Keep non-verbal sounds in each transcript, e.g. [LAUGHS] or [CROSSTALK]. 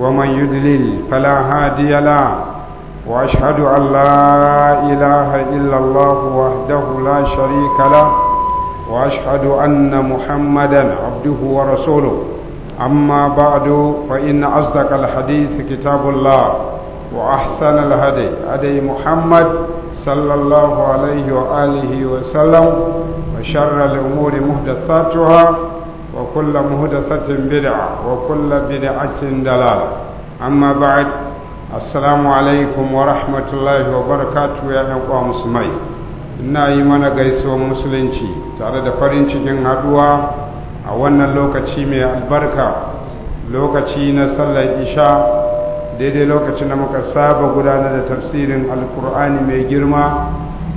ومن يدلل فلا هادي له وأشهد أن لا إله إلا الله وحده لا شريك له وأشهد أن محمدا عبده ورسوله أما بعد فإن أصدق الحديث كتاب الله وأحسن الهدي هدي محمد صلى الله عليه وآله وسلم وشر الأمور محدثاتها وكل مهدثة بدعة وكل بدعة دلالة أما بعد السلام عليكم ورحمة الله وبركاته يا أخوة مسلمين ina yi mana gaisuwar musulunci tare da farin cikin haduwa a wannan lokaci mai albarka lokaci na sallar isha daidai lokacin da muka saba gudanar da tafsirin alkur'ani mai girma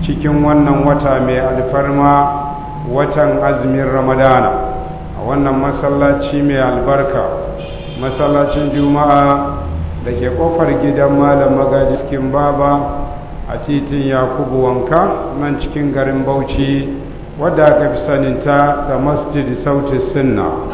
cikin wannan wata mai alfarma watan azumin ramadana wannan masallaci mai albarka masallacin juma'a da ke kofar gidan malam magaji cikin baba a titin yakubu wanka nan cikin garin bauchi wadda aka fi saninta da masjid sauti sunna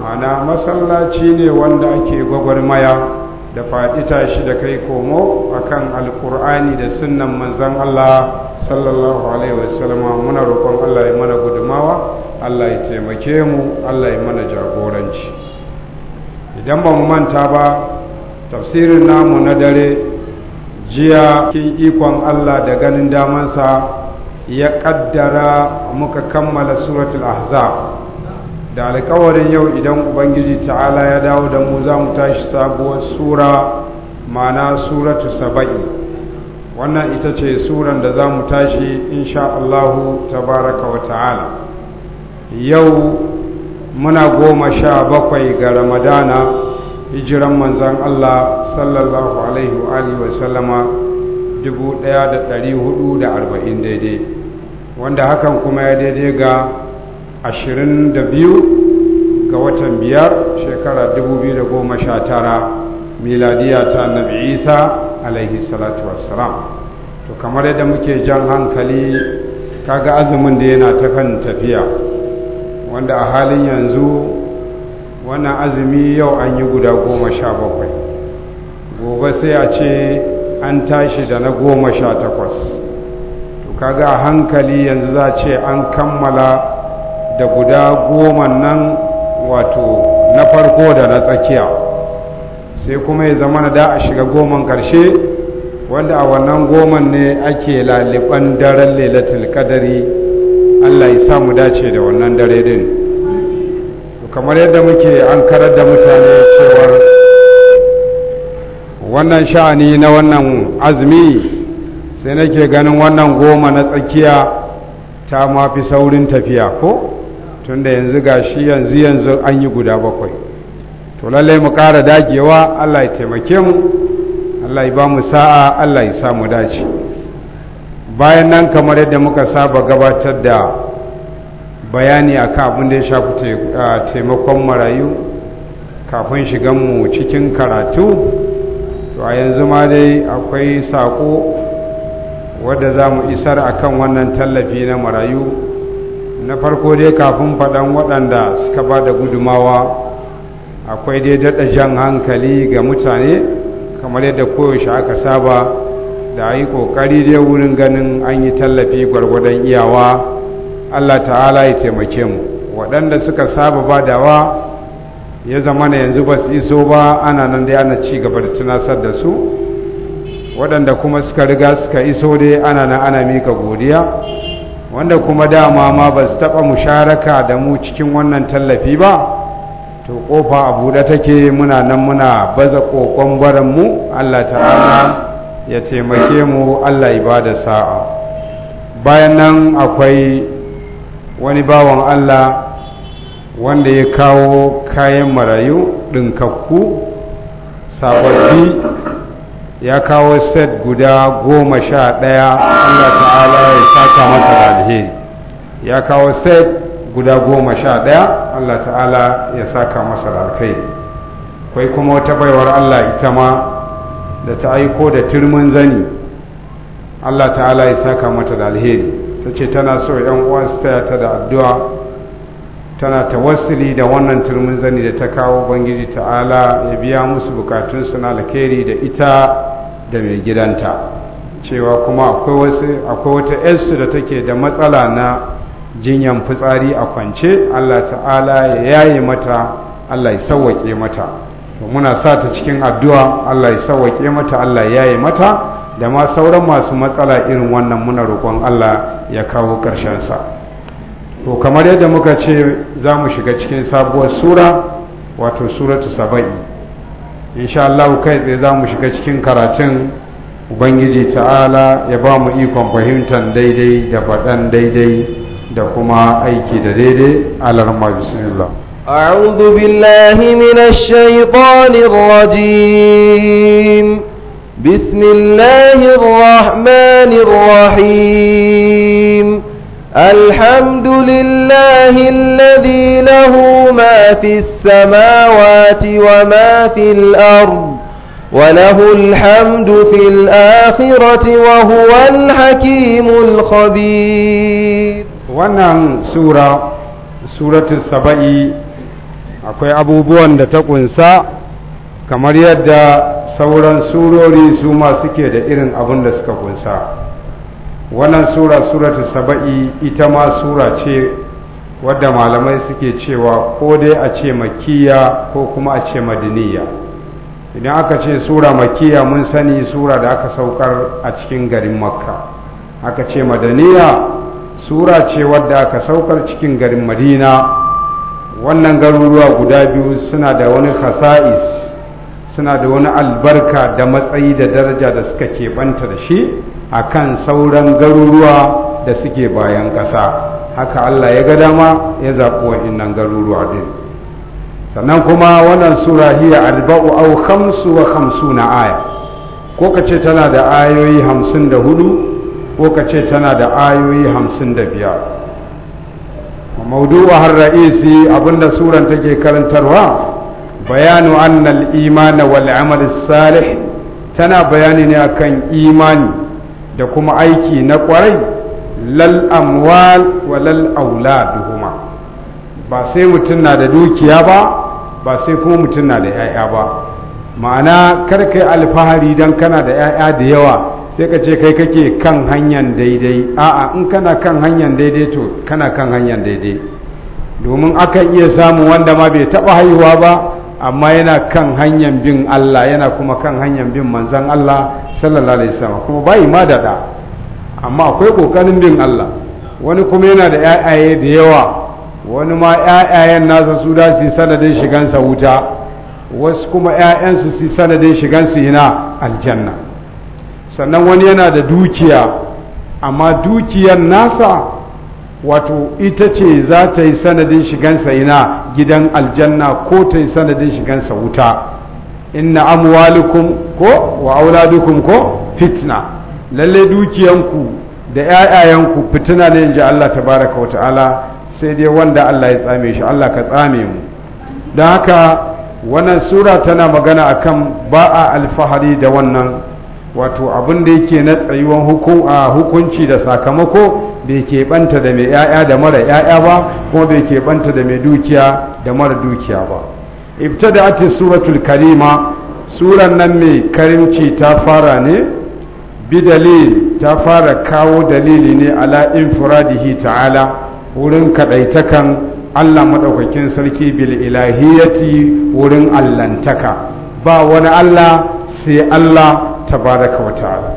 mana masallaci ne wanda ake gwagwarmaya da faɗi tashi da kai komo akan Alƙur'ani da sunnan manzon Allah sallallahu alaihi wasallama muna roƙon Allah ya mana gudumawa Allah ya taimake mu Allah ya mana jagoranci idan ba mu manta ba tafsirin namu na dare jiya kin ikon Allah da ganin sa ya kaddara muka kammala suratul ahzab da alƙawarin yau idan ubangiji ta'ala ya dawo da mu za mu tashi sabuwar sura mana suratu saba'i wannan ita ce suran da za mu tashi insha Allahu tabaraka wa ta'ala yau muna goma sha bakwai ga ramadana hijiran manzan Allah sallallahu alaihi wa alihi wa sallama 1440 daidai wanda hakan kuma ya daidai ga ashirin 22 ga watan biyar shekara 2019 miladiya ta annabi isa alaihi salatu wassalam to kamar yadda muke jan hankali kaga azumin da yana ta kan tafiya wanda a halin yanzu wannan azumi yau an yi guda goma sha bakwai gobe sai a ce an tashi da na goma sha takwas to kaga a hankali yanzu za ce an kammala da guda goma nan wato na farko da na tsakiya sai kuma ya zama da a shiga goman karshe wanda a wannan goman ne ake laliban daren lelatul kadari Allah ya mu dace da wannan dare din kamar yadda muke an karar da mutane cewar wannan sha'ani na wannan azumi sai nake ganin wannan goma na tsakiya ta mafi saurin tafiya ko tunda yanzu gashi yanzu yanzu an yi guda bakwai to lallai mu kara dagewa Allah ya taimake mu Allah ya ba mu sa'a Allah ya samu dace bayan nan kamar yadda muka saba gabatar da bayani akan abin da ya shafi taimakon marayu kafin shiganmu cikin karatu to a yanzu ma dai akwai saƙo wadda za mu isar a kan wannan tallafi na marayu na farko dai kafin faɗan waɗanda suka ba da gudumawa akwai dai daɗa jan hankali ga mutane kamar yadda koyaushe aka saba da a yi ƙoƙari dai wurin ganin an yi tallafi gwargwadon iyawa allah ta'ala ya taimake mu waɗanda suka saba ba badawa ya zama na yanzu ba su iso ba ana nan dai ana ci gaba da tunasar da su waɗanda kuma suka riga suka iso dai ana nan ana mika godiya wanda kuma dama ma ba su taɓa musharaka da mu cikin wannan tallafi ba to ƙofa a buɗe take muna nan muna baza ƙoƙon mu Allah ta'ala ya taimake mu Allah ibada sa'a bayan nan akwai wani bawan Allah wanda ya kawo kayan marayu ɗinkakku sababbi ya kawo set guda goma sha ɗaya Allah ta'ala ya saka masa alheri ya kawo set guda goma sha ɗaya Allah ta'ala ya saka masa alheri akwai kuma wata baiwar Allah ita ma da ta aiko da turmin zani Allah ta'ala ya saka mata da alheri ta ce tana so yan uwa su taya ta da addu'a tana ta tawassuli da wannan turmin zani da ta kawo bangiji ta'ala ya biya musu bukatun na alheri da ita da mai gidanta cewa kuma akwai wata yarsu da take da matsala na jinyan fitsari a kwance Allah ta'ala ya yaye mata Allah ya sawwake mata to muna sa ta cikin addu'a Allah ya sawwake mata Allah ya yi mata da ma sauran masu matsala irin wannan muna roƙon Allah ya kawo ƙarshen sa to kamar yadda muka ce za mu shiga cikin sabuwar sura wato suratu saba'i insha Allah kai tsaye za mu shiga cikin karatun ubangiji ta'ala ya ba mu ikon fahimtar daidai da faɗan daidai da kuma aiki da daidai alarma bismillah أعوذ بالله من الشيطان الرجيم بسم الله الرحمن الرحيم الحمد لله الذي له ما في السماوات وما في الأرض وله الحمد في الآخرة وهو الحكيم الخبير ونعم سورة سورة السبعي akwai abubuwan da ta kunsa kamar yadda sauran surori su ma suke da irin abin da suka kunsa wannan sura ta saba'i ita ma sura ce wadda malamai suke cewa ko dai a ce makiya ko kuma a ce madiniya idan aka ce sura makiya mun sani sura da aka saukar a cikin garin makka aka ce madaniya sura ce wadda aka saukar cikin garin madina wannan garuruwa guda biyu suna da wani khasa'is suna da wani albarka da matsayi da daraja da suka ke banta da shi a kan sauran garuruwa da suke bayan ƙasa haka allah ya ga dama ya zaɓi wa'innan garuruwa din sannan kuma wannan sura hiya arba'u au khamsu wa khamsuna aya ko ka ce tana da ayoyi hamsin da hudu ko ka ce tana da ayoyi hamsin da biyar mawdu'a har ra'isi abinda suran take karantarwa bayanu annal iman wal amal salih tana bayani ne akan imani da kuma aiki na kwarai lal amwal wa lal auladuhuma ba sai mutum na da dukiya ba ba sai kuma mutum na da 'ya'ya ba ma'ana kar kai alfahari don kana da 'ya'ya da yawa sai ka ce kai kake kan hanyar daidai a'a in kana kan hanyar daidai to kana kan hanyar daidai domin akan iya samu wanda ma bai taba haihuwa ba amma yana kan hanyar bin Allah yana kuma kan hanyar bin manzan Allah sallallahu alaihi wasallam kuma bai ma dada amma akwai kokarin bin Allah wani kuma yana da ƴaƴaye da yawa wani ma ƴaƴayen nasa su da su sanadin shigansa wuta wasu kuma ƴaƴansu su sanadin shigansu ina aljanna sannan wani yana da dukiya amma dukiyar nasa wato ita ce za ta yi sanadin shigansa ina gidan aljanna ko ta yi sanadin shigansa wuta inna amwalukum ko wa auladukum ko fitna lalle dukiyanku da 'ya'yayanku fitina ne in Allah tabaraka wa ta'ala sai dai wanda Allah ya tsame shi Allah ka tsame mu don haka wannan sura tana magana akan ba'a alfahari da wannan wato abin da yake na tsayuwan hukunci da sakamako bai banta da mai 'ya'ya da mara 'ya'ya ba kuma bai banta da mai dukiya da mara dukiya ba da ati suratul karima suran nan mai karimci ta fara ne dalil ta fara kawo dalili ne ala infiradihi ta'ala wurin kaɗaitakan allah maɗaukakin sarki bil ilahiyati wurin allantaka ba wani allah sai allah tabaraka wa ta'ala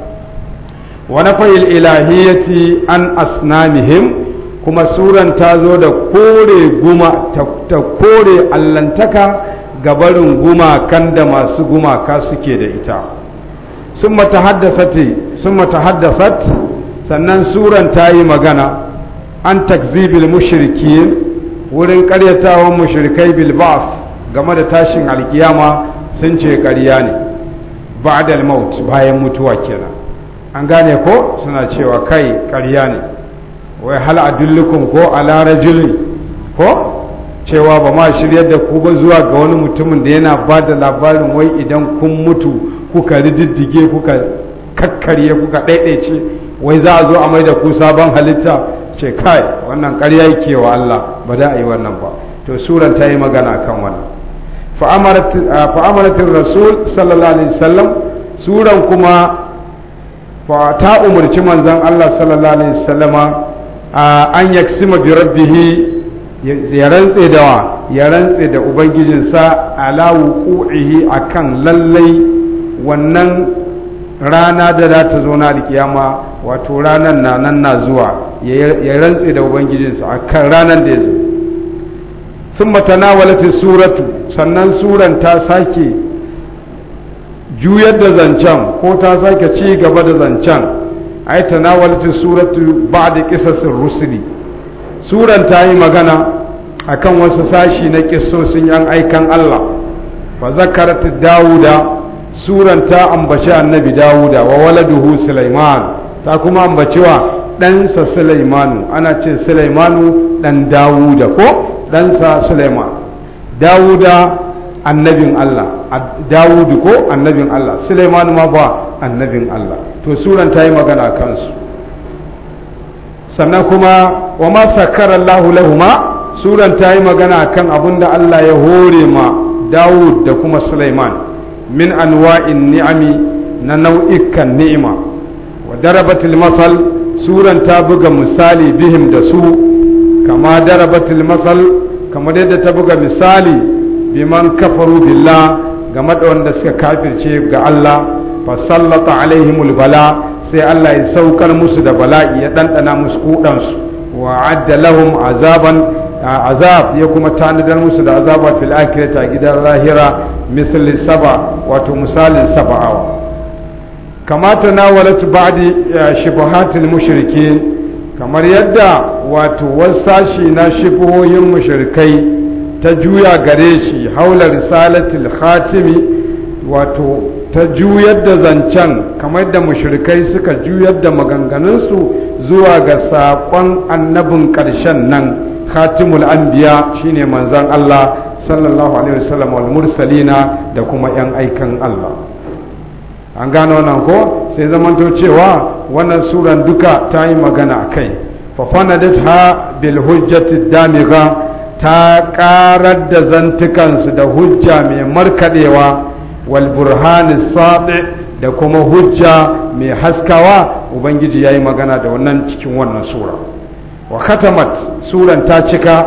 wa nafayil ilahiyati an asnamihim kuma suran ta zo da kore allahntaka ga barin gumakan da masu gumaka suke da ita sun matahaddasat sannan suran ta yi magana an takzibil mushrikin wurin karyatawan mushrikai bilbas game da tashin alkiyama sun ce karya ne ba'dal maut bayan mutuwa kenan an gane ko suna cewa kai ƙarya ne wai hal adullukum ko ala rajulin ko cewa ba ma shiryar da ku ba zuwa ga wani mutumin da yana ba da labarin wai idan kun mutu kuka diddige kuka kakkarye kuka ɗaiɗaice wai za a zo a mai da ku sabon halitta ce kai wannan ƙarya yake wa Allah ba da a yi wannan ba to suran ta yi magana kan wannan fa'amaratin rasul sallallahu alaihi wasallam suran kuma fa ta umarci manzon Allah sallallahu alaihi wasallama an yaksima bi rabbihi ya da ya rantse da ubangijinsa ala wuqu'ihi akan lallai wannan rana da za ta zo na alkiyama wato ranar na zuwa ya rantse da ubangijinsa akan ranar da ya zo sun matana walata suratu sannan suran ta sake juyar da zancen ko ta sake ci gaba da zancen a yi tanawalata suratu ba da kisasin rusuli suran ta yi magana a kan wasu sashi na ƙisassun yan aikan allah ba zakarata dawuda suran ta ambaci annabi dawuda wa waladuhu sulaiman ta kuma ambaci wa ɗansa sulaimanu ana ce sulaimanu ɗan dawuda ko ɗansa Suleiman Dawuda annabin Allah Dawudu ko annabin Allah Suleiman ma ba annabin Allah to suran ta yi magana kansu sannan kuma wa ma sakara Allah lahuma suran ta yi magana kan abinda Allah ya hore ma Dawud da kuma Suleiman min anwa'in ni'ami na nau'ikan ni'ima wa darabatil masal suran ta buga misali bihim da su kama darabatil masal kamar yadda ta buga misali biman kafaru billah game da wanda suka kafirce ga Allah fa sallata alaihimul bala sai Allah ya saukar musu da bala'i ya dandana musu kudan wa lahum azaban azab ya kuma tanadar musu da azaba fil akhirati a gidan lahira misali saba wato misalin saba'awa kamata na walatu ba'di shubuhatil mushrikin kamar yadda wato wasashi na shifuhohin mushrikai ta juya gare shi haular risalatul khatimi wato ta juyar da zancen kamar da mushrikai suka juyar da maganganunsu zuwa ga saƙon annabin ƙarshen nan khatimul anbiya shine manzon Allah sallallahu alaihi wasallam wal mursalina da kuma 'yan aikan Allah an gano nan ko sai zamanto cewa wannan suran duka ta yi magana a kai fafana ha ta hujjati damiga ta karar da zantukansu da hujja mai markadewa wal burhani da kuma hujja mai haskawa ubangiji ya yi magana da wannan cikin wannan sura wa katamat suran ta cika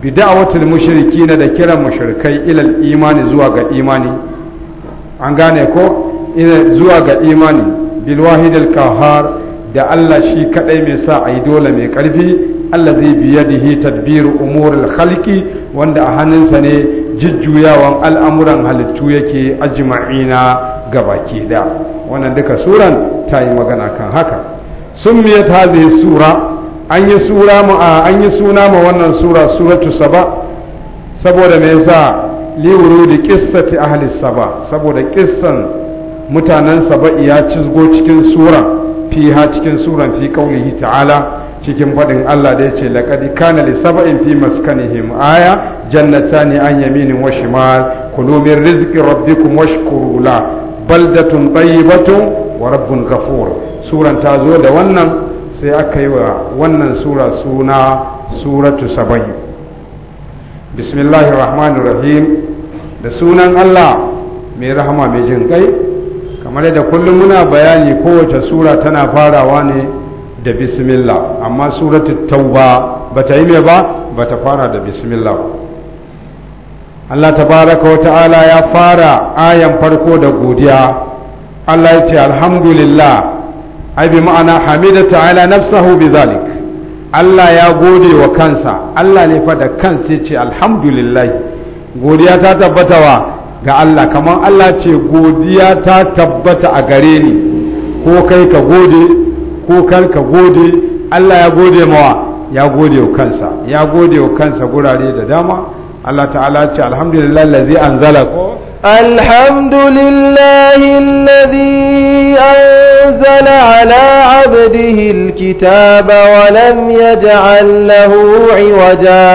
bida'awatul na da kiran mushrikai ilal imani zuwa ga imani an gane ko zuwa ga imani bil kahar da Allah shi kadai mai sa ayi dole mai karfi allah zai biya da yadihi tadbiru umuril khalqi wanda a hannunsa ne jujjuyawan al'amuran halittu yake ajma'ina gabaki da wannan duka suran ta yi magana kan haka summiyat hadhihi sura an yi sura an yi suna ma wannan sura suratu saba saboda me yasa li wurudi qissati ahli saba saboda kissan mutanen saba'i ya cizgo cikin sura ha cikin suran fi qaulihi ta'ala cikin faɗin Allah da ya ce laƙadi kana li saba'in fi maskanihim aya jannatani an yaminin wa shimal kulu min rizqi rabbikum washkuru la baldatun tayyibatun wa rabbun ghafur suran ta zo da wannan sai aka yi wa wannan sura suna suratu sabai bismillahir rahmanir rahim da sunan Allah mai rahama mai jin kai kamar da kullum muna bayani kowace sura tana farawa ne da bismillah amma suratu tauba bata yi mai ba bata fara da bismillah Allah tabaraka wa ta'ala ya fara ayan farko da godiya Allah ya ce alhamdulillah ai bi ma'ana hamida ta'ala nafsahu bizalik Allah ya gode wa kansa Allah ne fa da kansa ce alhamdulillah godiya ta tabbata wa ga Allah kamar Allah ce godiya ta tabbata a gare ni ko kai ka gode ko kar ka gode Allah ya gode mawa ya gode wa kansa ya gode wa kansa gurare da dama Allah ta'ala ce alhamdulillah allazi zala. ko allazi نزل على عبده الكتاب ولم يجعل له عوجا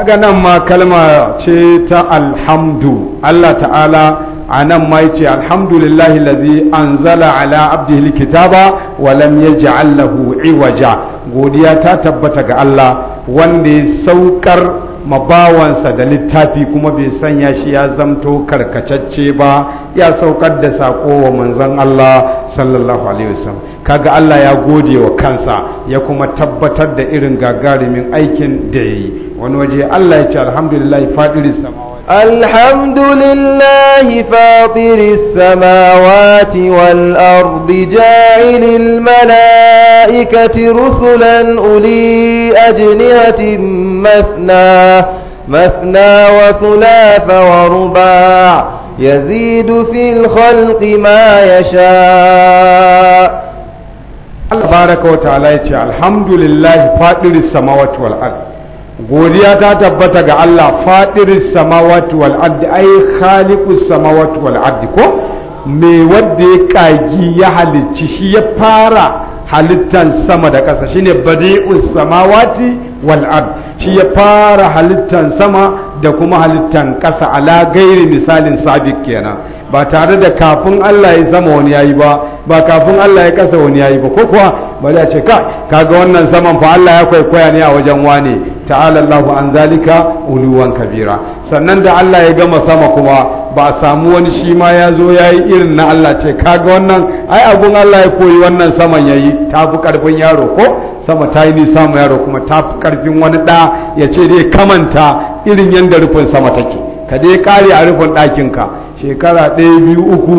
هذا ما كلمة تيتا الحمد الله تعالى anan ma yace alhamdulillahi allazi anzala ala abdihi alkitaba wa lam yaj'al lahu iwaja godiya ta tabbata ga Allah wanda ya saukar mabawansa da littafi kuma bai sanya shi ya zamto karkacacce ba ya saukar da saƙo wa manzan Allah sallallahu alaihi wasallam kaga Allah ya gode wa kansa ya kuma tabbatar da irin gagarumin aikin da ya yi wani waje Allah ya ce alhamdulillah fadiris samawa الحمد لله فاطر السماوات والأرض جاعل الملائكة رسلا أولي أجنهة مثنى مثنى وثلاث ورباع يزيد في الخلق ما يشاء الله بارك وتعالى الحمد لله فاطر السماوات والأرض godiya ta tabbata ga Allah fadiris samawati wal ardi ai khaliqu samawati wal ardi ko me wanda ya kagi ya halicci shi ya fara halittan sama da ƙasa shine badi'u samawati wal ard shi ya fara halittan sama da kuma halittan ƙasa ala gairi misalin sabik kenan ba tare da kafin Allah ya zama wani yayi ba ba kafin Allah ya kasa wani yayi ba ko kuwa ba ce ka kaga wannan saman fa Allah ya kwaikwaya ne a wajen wane ta'ala Allah an zalika uluwan kabira sannan da Allah ya gama sama kuma ba a samu wani shi ma ya zo ya yi irin na Allah ce kaga wannan ai abun Allah ya koyi wannan saman yayi ta fi karfin yaro ko sama ta yi nisa mu yaro kuma ta karfin wani ɗa ya ce dai kamanta irin yadda rufin sama take ka dai kare a rufin ɗakinka shekara ɗaya biyu uku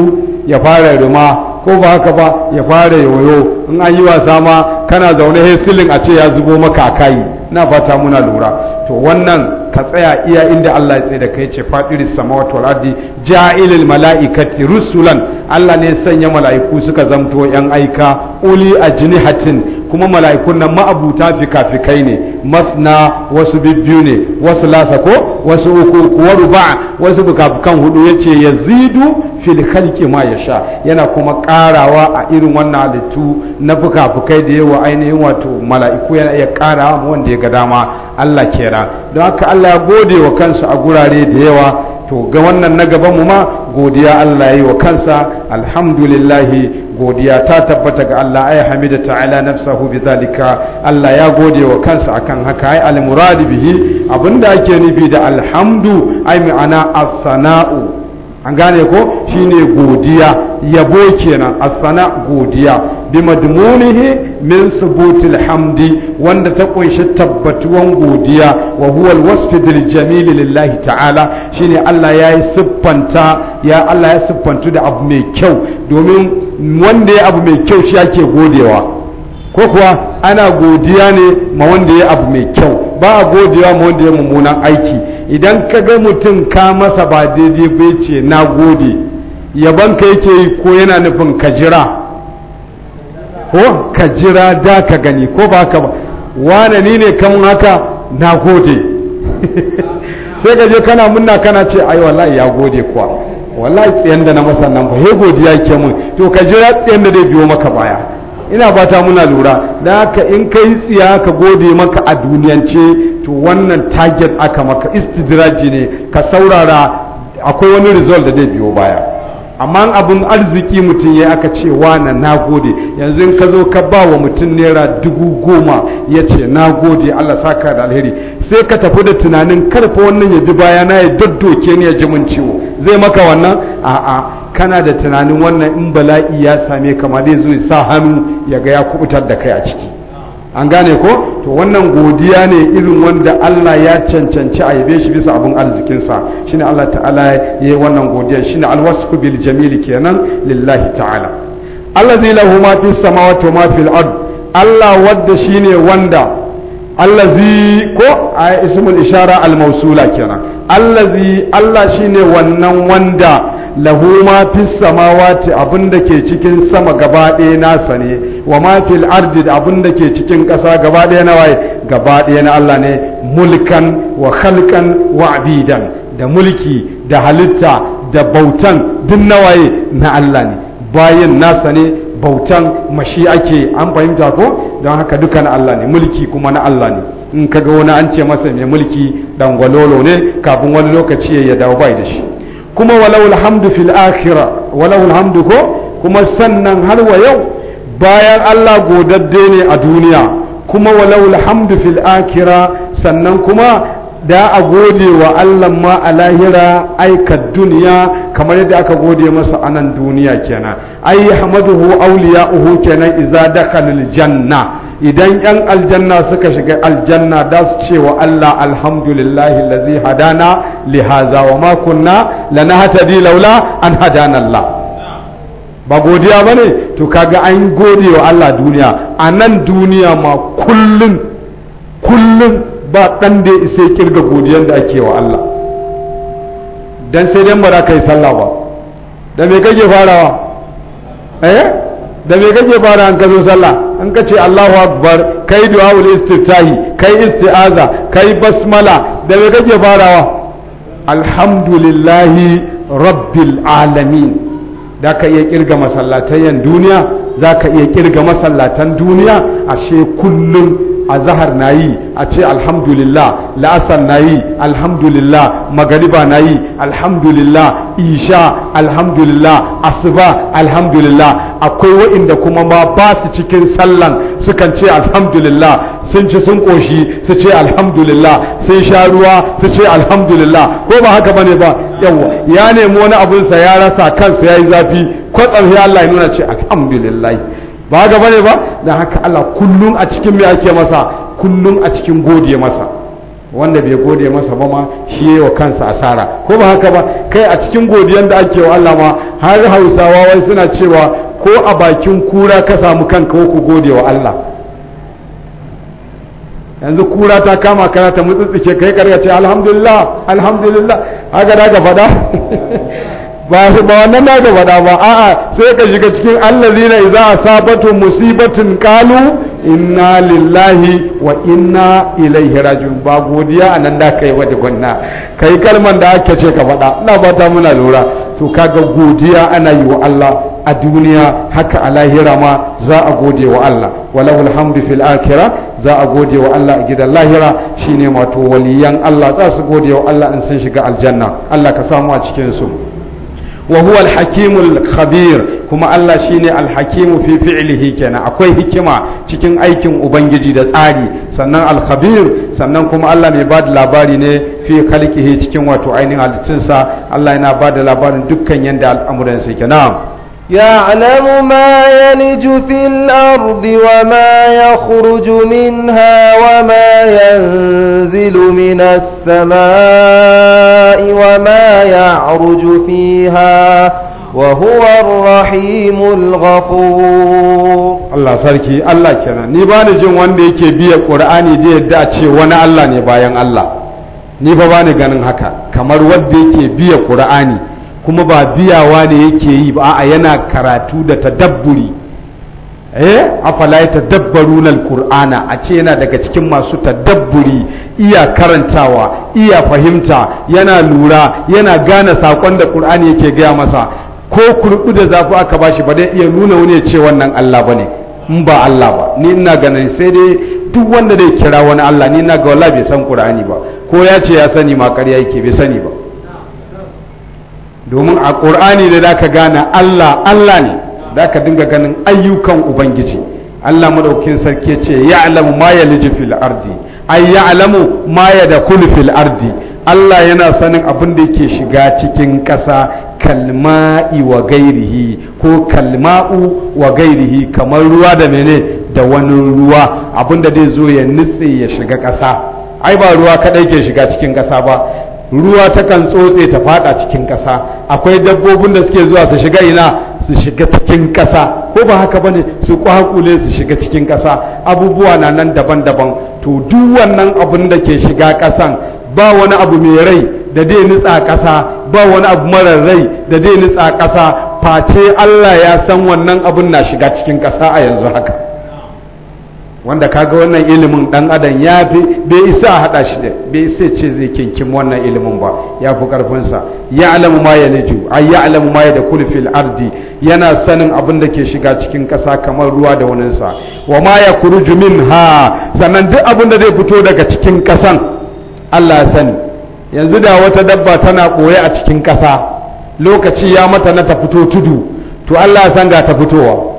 ya fara ruma ko ba haka ba ya fara yoyo in an yi wasa ma kana zaune silin a ce ya zubo maka kai na fata muna lura to wannan ka tsaya iya inda Allah ya tsaye da kai ce fadiri samawati wal ardi ja'ilil mala'ikati rusulan Allah ne sanya mala'iku suka zamto yan aika uli ajnihatin kuma mala'ikun nan ma'abuta fikafikai ne masna wasu bibbiyu ne wasu lasa ko wasu uku kuwa ruba wasu fikafikan hudu ya zidu fil halki ma ya sha yana kuma karawa a irin wannan halittu na fikafikai da yawa ainihin wato mala'iku yana iya karawa mu wanda ya ga dama Allah kera don haka Allah ya gode wa kansa a gurare da yawa to ga wannan na gaban mu ma godiya Allah ya yi wa kansa alhamdulillahi godiya ta tabbata ga Allah ay hamida ta'ala nafsahu bidhalika Allah ya gode wa kansa akan haka ay al murad bihi abinda ake nufi da alhamdu ay ma'ana as-sana'u an gane ko shine godiya yabo kenan as-sana godiya bi min subutil hamdi wanda ta kunshi tabbatuwan godiya wa huwa al-wasf jamil lillahi ta'ala shine Allah ya siffanta ya Allah ya siffantu da abu mai kyau domin wanda ya abu mai kyau shi ake godewa ko kuwa ana godiya ne ma wanda ya abu mai kyau ba a godewa ma wanda ya mummunan aiki idan ka ga mutum ka masa ba daidai bai ce na gode ka yake yi ko yana nufin ka jira ko ka jira da ka gani ko ba ka ba wane ni ne kan haka na gode [LAUGHS] sai ka je kana munna kana ce ai wallahi ya gode kuwa wallahi tsayen da na masa nan fa he godiya ke mun to ka jira tsayen da zai biyo maka baya ina fata muna lura da haka in ka yi tsiya ka gode maka a duniyance to wannan target aka maka istidraji ne ka saurara akwai wani result da zai biyo baya amma abin arziki mutum ya aka ce wana na gode yanzu in ka zo ka ba wa mutum naira dubu goma ya ce na gode allah ka da alheri sai ka tafi da tunanin karfa wannan ya ji bayana ya daddoke ni ya ji mun ciwo zai maka wannan a'a kana da tunanin wannan in bala'i ya same ka ma zai zo sa hannu ya ga ya kubutar da kai a ciki an gane ko to wannan godiya ne irin wanda Allah ya cancanci a yabe shi bisa abin arzikinsa shine Allah ta'ala ya yi wannan godiya shine alwasfu bil jamil kenan lillahi ta'ala allazi lahu ma fis samawati wa ma fil Allah wadda shine wanda allazi ko a ismul ishara al mawsula kenan allazi Allah shine wannan wanda lahu ma fis samawati abinda ke cikin sama gaba ɗaya nasa ne wa ma fil ardi abinda ke cikin ƙasa gaba ɗaya na waye gaba ɗaya na Allah ne mulkan wa khalqan wa abidan da mulki da halitta da bautan duk na waye na Allah ne bayan nasa ne bautan mashi ake an fahimta ko don haka duka na Allah ne mulki kuma na Allah ne in ka ga wani an ce masa mai mulki dangwalolo ne kafin wani lokaci ya dawo bai da shi kuma walau alhamdu fil akhirah walau alhamdu ko kuma sannan har wa yau bayan Allah godadde ne a duniya kuma walau alhamdu fil akhirah sannan kuma da a gode wa Allah ma a lahira aika duniya kamar yadda aka gode masa a nan duniya kenan ai hamaduhu awliya'uhu kenan idza dakhala janna idan yan aljanna suka shiga aljanna da su ce wa Allah alhamdulillahi lazi hadana lihaza wa ma kunna lanahtadi laula an hadana Allah ba godiya bane to kaga an gode wa Allah duniya a nan duniya ma kullun kullun ba dan da sai kirga godiyan da ake wa Allah dan sai dan ba za ka sallah ba da me kake farawa eh da me kake fara an ka zo sallah in ka ce Allahu akbar kai du'a du'aul istiftahi kai isti'aza kai basmala da me kake farawa alhamdulillahi rabbil alamin da ka iya kirga masallatan duniya za ka iya kirga masallatan duniya ashe kullum zahar na yi a ce alhamdulillah la'asar na yi alhamdulillah magariba na yi alhamdulillah isha alhamdulillah asuba alhamdulillah akwai wa'inda kuma ma ba su cikin sallan sukan ce alhamdulillah sun ci sun koshi su ce alhamdulillah sun sha ruwa su ce alhamdulillah ko ba haka bane ba yawa ya nemi wani abinsa ya rasa kansa ya yi zafi kwatsam ya Allah ya nuna ce alhamdulillah ba gaba ne ba da haka Allah kullun a cikin me ake masa kullun a cikin godiya masa wanda bai gode masa ba ma shi yayi wa kansa asara ko ba haka ba kai a cikin godiyan da ake wa Allah ma har Hausawa wai suna cewa ko a bakin kura ka samu kanka ku gode wa Allah yanzu kura ta kama kana ta mutsitsike kai karya ce alhamdulillah alhamdulillah haka da ka faɗa [LAUGHS] ba ba wannan na gaba da ba a'a sai ka shiga cikin allazina idza asabatu musibatin qalu inna lillahi wa inna ilaihi raji'un ba godiya anan da kai wa gwanna kai kalman da ake ce ka faɗa ina bata muna lura to kaga godiya ana yi wa Allah a duniya haka a lahira ma za a gode wa Allah walahul hamdu fil akhirah za a gode wa Allah a gidan lahira shine wato waliyan Allah za su gode wa Allah in sun shiga aljanna Allah ka samu a cikin su wa huwa hakimul khabir kuma Allah shine al-hakimu fi fi'lihi kenan akwai hikima cikin aikin ubangiji da tsari sannan al sannan kuma Allah mai ba da labari ne fi khalqihi cikin wato ainihin halittunsa Allah yana ba da labarin dukkan yanda al'amuran su kenan يعلم ما يلج في الأرض وما يخرج منها وما ينزل من السماء وما يعرج فيها وهو الرحيم الغفور الله سركي الله كنا نباني جن وان دي كي بيه قرآني دي داتي وانا الله نبايان الله نباني غنن هكا كمر ود دي كي بيه قرآني kuma ba biyawa ne yake yi ba a yana karatu da tadabburi eh afala yatadabbaruna alqur'ana a ce yana daga cikin masu tadabburi iya karantawa iya fahimta yana lura yana gane sakon da qur'ani yake gaya masa ko kurku da zafi aka bashi ba dai iya nuna wani ya ce wannan Allah bane in ba Allah ba ni ina ganin sai dai duk wanda dai kira wani Allah ni ina ga wallahi bai san qur'ani ba ko ya ce ya sani ma ƙarya yake bai sani ba domin a ƙur'ani ne za ka gane Allah Allah ne za ka dinga ganin ayyukan ubangiji Allah madaukin sarki ce alamu ma ya liji fil ardi ai ya ya'lamu ma ya da yadkhulu fil ardi Allah yana sanin abin da yake shiga cikin ƙasa kalma'i wa gairihi ko kalma'u wa gairihi kamar ruwa da mene da wani ruwa abin da zai zo ya nutse ya shiga ƙasa ai ba ruwa kaɗai ke shiga cikin ƙasa ba ruwa takan tsotse ta fada cikin ƙasa akwai dabbobin da suke zuwa su shiga ina su shiga cikin ƙasa ko ba haka bane su kwakule su shiga cikin ƙasa abubuwa na nan daban-daban to duk wannan abin da ke shiga ƙasan ba wani abu mai rai da zai nitsa ƙasa ba wani abu marar rai da zai nitsa ƙasa face Allah ya san wannan abun na shiga cikin ƙasa a yanzu haka wanda ka ga wannan ilimin dan adam ya fi bai isa hada shi da bai isa ce zai kinkin wannan ilimin ba ya fi karfin sa alamu ma ya yaliju ay alamu ma ya da fil ardi yana sanin abin da ke shiga cikin ƙasa kamar ruwa da wani wa ma ya yakhruju minha sannan duk abin da zai fito daga cikin ƙasan Allah ya sani yanzu da wata dabba tana ɓoye a cikin ƙasa lokaci ya mata na ta fito tudu to Allah ya san ga ta fitowa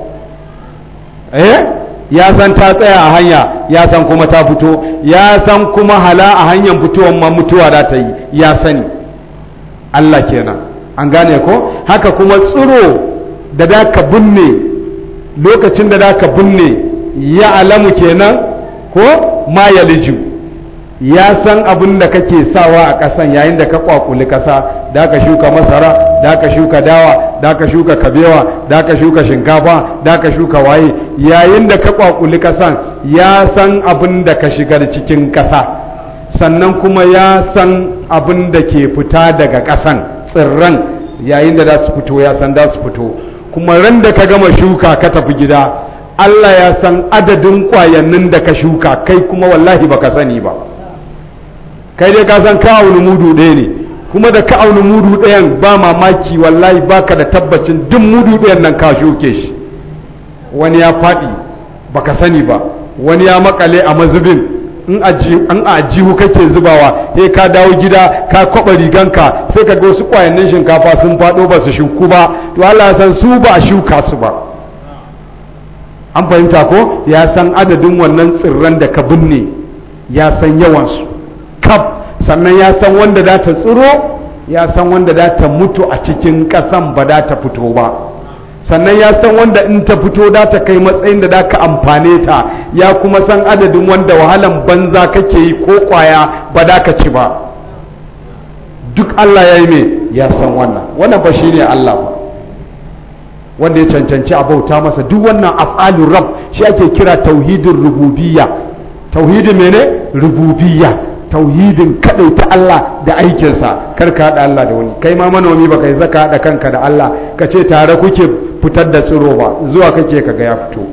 eh ya san ta tsaya a hanya ya san kuma ta fito ya san kuma hala a hanyar fitowar ma mutuwa za ta yi ya sani Allah kenan an gane ko haka kuma tsiro da da ka binne lokacin da da ka binne ya alamu kenan ko ma yaliju ya san abin da kake sawa a ƙasan yayin da ka kwakuli ƙasa da ka shuka masara da ka shuka dawa da ka shuka kabewa da ka shuka shinkafa da ka shuka waye yayin da ka kwakuli kasan ya san abin da ka shigar cikin kasa sannan kuma ya san abin da ke fita daga kasan tsirran yayin da za su fito ya san za su fito kuma ran da ka gama shuka ka tafi gida Allah ya san adadin kwayannin da ka shuka kai kuma wallahi baka sani ba kai dai ka san kawo mudu ɗaya ne kuma da ka auna mudu ɗayan ba mamaki wallahi baka da tabbacin duk mudu ɗayan nan ka shuke shi wani ya faɗi baka sani ba wani ya makale a mazubin in a jihu kake zubawa sai ka dawo gida ka kwaɓa riganka sai ka ga wasu ƙwayannin shinkafa sun faɗo ba su shuku ba to Allah san su ba a shuka su ba an fahimta ko ya san adadin wannan tsirran da ka binne ya san yawansu sannan ya san wanda za ta tsiro ya san wanda za ta mutu a cikin ƙasan ba za ta fito ba sannan ya san wanda in ta fito za ta kai matsayin da za ka amfane ta ya kuma san adadin wanda wahalan banza kake yi ko kwaya ba za ka ci ba duk Allah ya yi me ya san wannan wannan ba shi ne Allah ba wanda ya cancanci a bauta masa duk wannan af'alur rab shi ake kira tauhidin rububiyya tauhidin mene rububiyya tauhidin ta Allah da aikinsa kar ka haɗa Allah da wani kai ma manomi ba yi zaka haɗa kanka da Allah ka ce tare kuke fitar da tsiro ba zuwa kake ka ga ya fito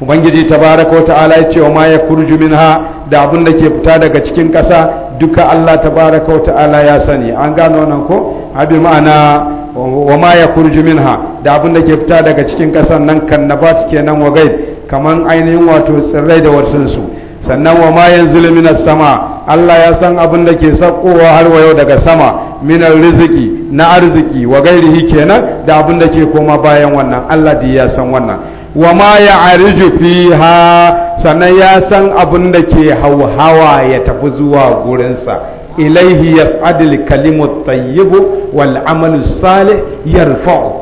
ubangiji tabaraka ta'ala ya ce wa ma ya kurju minha da abin da ke fita daga cikin ƙasa duka Allah tabaraka ta'ala ya sani an gano wannan ko abin ma'ana wa ma ya kurju minha da abin da ke fita daga cikin ƙasan nan kannabat kenan wa gaib kaman ainihin wato tsirrai da wasansu sannan wa ma yanzilu sama Allah ya san abin da ke sakkowa har wa yau daga sama minar riziki na arziki wa gairihi kenan da abin da ke koma bayan wannan Allah da ya san wannan wa ma ya ya'riju fiha sannan ya san abin da ke hauhawa ya tafi zuwa gurinsa ilaihi yas'adul kalimu tayyibu wal amalu salih yarfa'u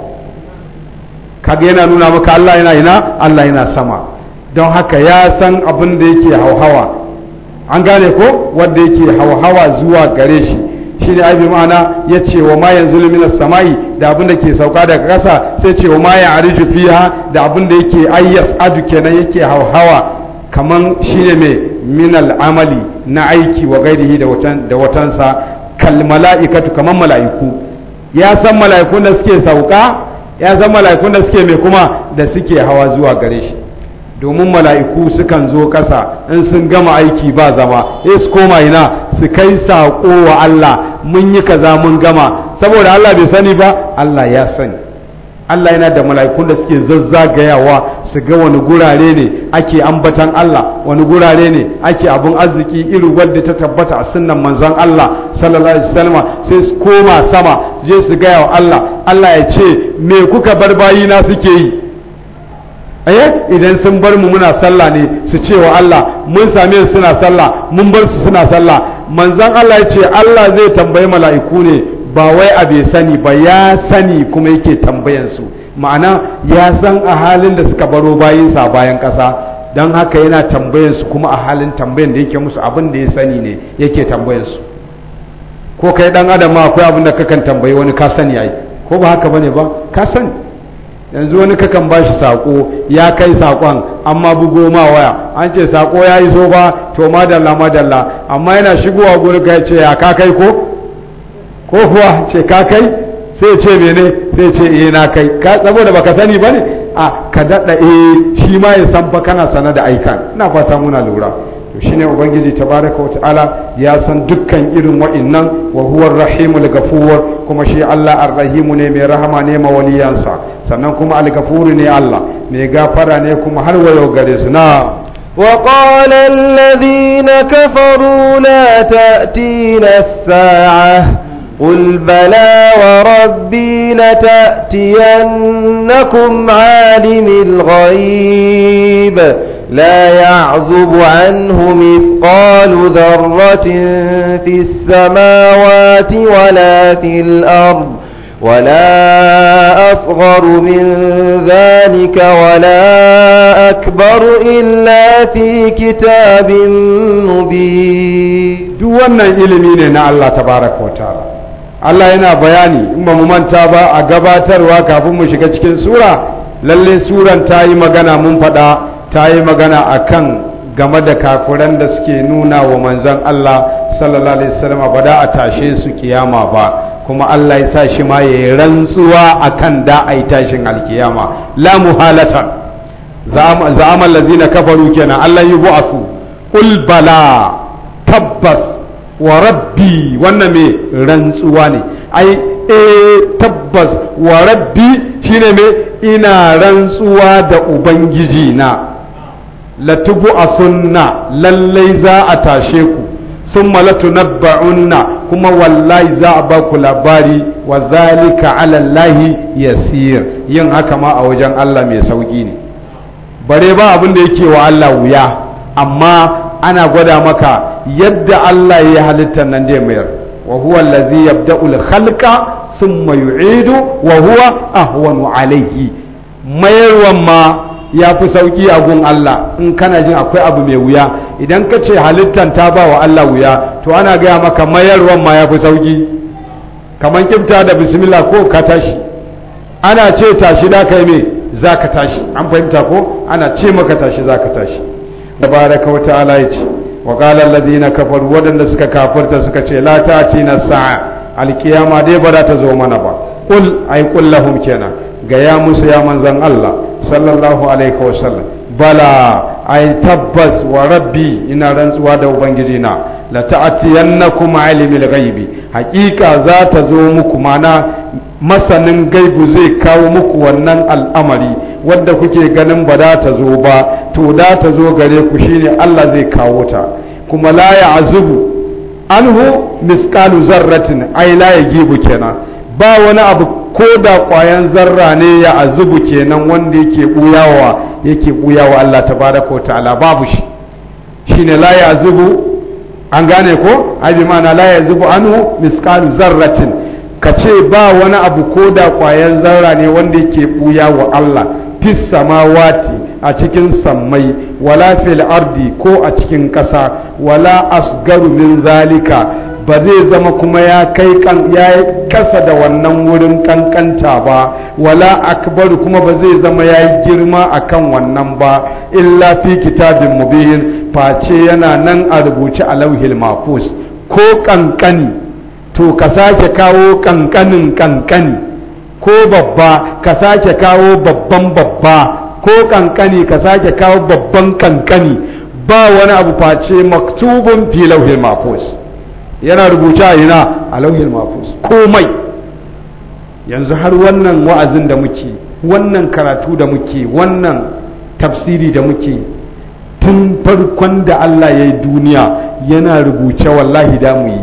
kaga yana nuna maka Allah yana ina Allah yana sama don haka ya san abin da yake hauhawa an gane ko wanda yake hauhawa zuwa gare shi shi ne ma'ana ya ce wa ma yanzu minas sama'i da abin da ke sauka daga ƙasa sai ce wa ma ya arju fiha da abin da yake ayyas adu kenan yake hauhawa kaman shi ne mai minal amali na aiki wa gairihi da watan da watansa kal mala'ikatu kaman mala'iku ya san mala'ikun da suke sauka ya san mala'ikun da suke mai kuma da suke hawa zuwa gare shi domin mala'iku sukan zo ƙasa in sun gama aiki ba zama eh, su koma ina su kai saƙo wa Allah mun yi kaza mun gama saboda Allah bai sani ba Allah ya sani Allah yana da mala'ikun da suke zazzagayawa su ga wani gurare ne ake ambatan Allah wani gurare ne ake abin arziki iri wadda ta tabbata a sunnan manzon Allah sallallahu alaihi wasallam sai su koma sama je su gaya wa Allah Allah ya ce me kuka bar na suke yi eh idan sun bar mu muna sallah ne su ce wa Allah mun same su suna sallah mun bar su suna sallah manzon Allah ya ce Allah zai tambayi mala'iku ne ba wai a bai sani ba ya sani kuma yake tambayan su ma'ana ya san a halin da suka baro sa bayan kasa dan haka yana tambayan su kuma a halin tambayan da yake musu abin da ya sani ne yake tambayan su ko kai dan adam akwai abin da kakan tambayi wani ka sani ai ko ba haka bane ba ka sani yanzu wani kakan ba shi sako ya kai sakon amma bugo ma waya an ce sako ya yi so ba to madalla madalla amma yana shigowa gurin ka ce ya ka kai ko ko kuwa ce ka kai sai ce mene sai ce eh na kai ka saboda baka sani bane a ka daɗa eh shi ma ya san fa kana sana da aika ina fata muna lura to shine ubangiji tabaraka ta'ala ya san dukkan irin wa'innan wa huwa rahimul gafur kuma shi Allah arrahimu ne mai rahama ne ma waliyansa sannan kuma al ne Allah mai gafara ne kuma har wayo gare su na وقال الذين كفروا لا تأتينا الساعة قل بلى وربي لتأتينكم عالم الغيب لا يعذب عنه مثقال ذرة في السماوات ولا في الأرض ولا أصغر من ذلك ولا أكبر إلا في كتاب مبين دو wannan ilimi ne na Allah tabaarak wa Allah yana bayani in ba mu manta ba a gabatarwa kafin mu shiga cikin sura lallai suran ta yi magana mun fada ta yi magana a kan game da kafiran da suke nuna wa manzan Allah sallallahu alaihi wasallam ba da a tashe su kiyama ba kuma Allah ya sa shi ma ya yi rantsuwa a kan da a yi tashin alkiyama la muhalata za'amal na kafaru kenan Allah yi bu'asu ulbala, tabbas wa rabbi wannan me rantsuwa ne ai e, tabbas wa rabbi shine me ina rantsuwa da ubangiji na latubu a sunna lallai za a tashe ku sun malatu nabba'unna kuma wallahi za a ba ku labari wa zalika alallahi yasir yin haka ma a wajen Allah mai sauƙi ne bare ba abin da yake wa Allah wuya amma ana gwada maka yadda Allah ya halitta nan da mayar wa huwa allazi yabda'ul khalqa thumma yu'idu wa huwa ahwanu alayhi mayarwan ma ya fi sauki a gun Allah in kana jin akwai abu mai wuya idan ka ce halittan ta ba wa Allah wuya to ana gaya maka mayarwan ma ya fi sauki kamar kimta da bismillah ko ka tashi ana ce tashi da yi mai za ka tashi an fahimta ko ana ce maka tashi za ka tashi tabaraka ta'ala ya ce wa qala alladhina kafar waɗanda suka kafarta suka ce la na sa'a alkiyama dai ba za ta zo mana ba qul ai qul kenan ga musu ya manzan Allah sallallahu alaihi wasallam bala ai tabbas wa rabbi ina rantsuwa da ubangiji na la ta'tiyannakum alimil ghaibi haƙiƙa za ta zo muku mana masanin gaibu zai kawo muku wannan al'amari wadda kuke ganin ba za ta zo ba to da ta zo gare ku shine Allah zai kawo ta kuma la ya'zubu anhu misqalu zarratin ai la yajibu kenan ba wani abu ko da kwayan zarra ne ya azubu kenan wanda yake buyawa yake buyawa Allah ta ta'ala babu shi shine la ya azubu an gane ko ai bi ma'ana la ya zubu anhu misqalu zarratin ka ce ba wani abu ko da kwayan zarra ne wanda yake buyawa Allah Allah fis samawati a cikin sammai wala fil ardi ko a cikin ƙasa wala asgaru min zalika ba zai zama kuma ya kai kan ya kasa da wannan wurin kankanta ba wala akbaru kuma ba zai zama ya yi girma akan wannan ba illa fi kitabin mubin face yana nan a rubuce a lauhil mafus ko kankani to ka sake kawo kankanin kankani ko babba ka sake kawo babban babba ko kankani ka sake kawo babban kankani ba wani abu face maktubun fi lauhil mafus yana rubuta a yana a lauhin mafus komai yanzu har wannan wa'azin da muke wannan karatu da muke wannan tafsiri da muke tun farkon da Allah ya yi duniya yana rubuce wallahi da yi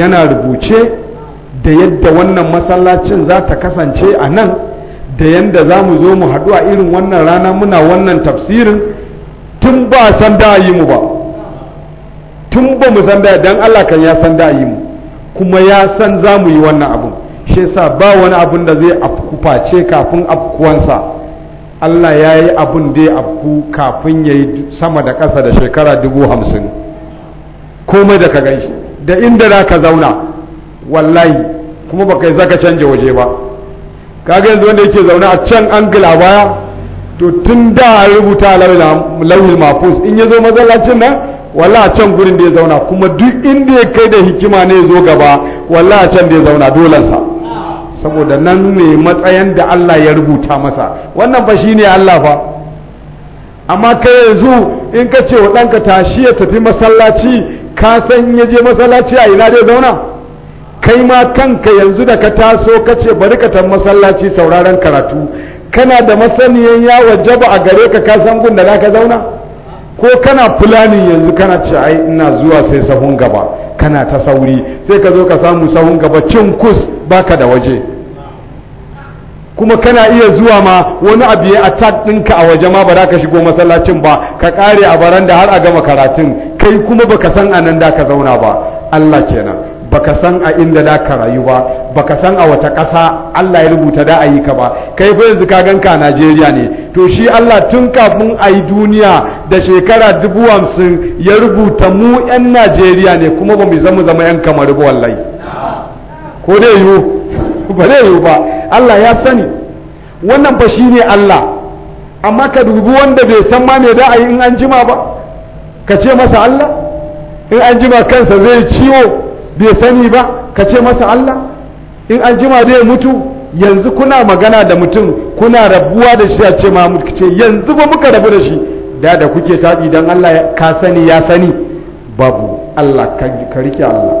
yana rubuce da yadda wannan masallacin za ta kasance a nan da yadda za mu zo mu haɗu a irin wannan rana muna wannan tafsirin tun ba san da yi mu ba tun ba mu san daya dan Allah kan ya san da yi mu kuma ya san za mu yi wannan abun shi yasa ba wani abun da zai afku face kafin afkuwansa Allah ya yi abun da ya afku kafin ya yi sama da ƙasa da shekara dubu hamsin komai da ka gan da inda za ka zauna wallahi kuma ba kai zaka canja waje ba kaga yanzu wanda yake zaune a can an gila baya to tun da rubuta lauyin mafus in ya zo matsalacin nan wallah a can gurin da ya zauna kuma duk inda ya kai da hikima ne zo gaba wallah a can da ya zauna dolansa saboda nan ne matsayin da Allah ya rubuta masa wannan fa ne Allah fa amma kai yanzu in ka ce wa ɗanka tashi ya tafi masallaci ka san ya je masallaci a ina da ya zauna kai ma kanka yanzu da ka taso ka ce bari ka tafi masallaci sauraron karatu kana da masaniyan ya wajaba a gare ka ka san gun da za ka zauna ko kana fulani yanzu kana ce ai ina zuwa sai sahun gaba kana ta sauri sai ka zo ka samu sahun gaba cin kus baka da waje kuma kana iya zuwa ma wani abu ya attack ɗinka a waje ma ba za ka shigo masallacin ba ka kare a baranda har a gama karatun kai kuma baka san a nan da ka zauna ba Allah kenan baka san a inda da ka rayu ba baka san a wata ƙasa Allah ya rubuta da a yi ka ba kai fa yanzu ka ganka a Najeriya ne to shi Allah tun kafin a yi duniya da shekara dubu hamsin ya rubuta mu 'yan najeriya ne kuma ba mu zama zama 'yan kamar ba wallahi ko dai yiwu ba dai yiwu ba allah ya sani wannan ba shi ne allah amma ka dubi wanda bai san ma me da a yi in an jima ba ka ce masa allah in an jima kansa zai ciwo bai sani ba ka ce masa allah in an jima zai mutu yanzu kuna magana da mutum kuna rabuwa da shi a ce ma ce yanzu ba muka rabu da shi da da kuke tafi don Allah ka sani ya sani babu Allah ka rike Allah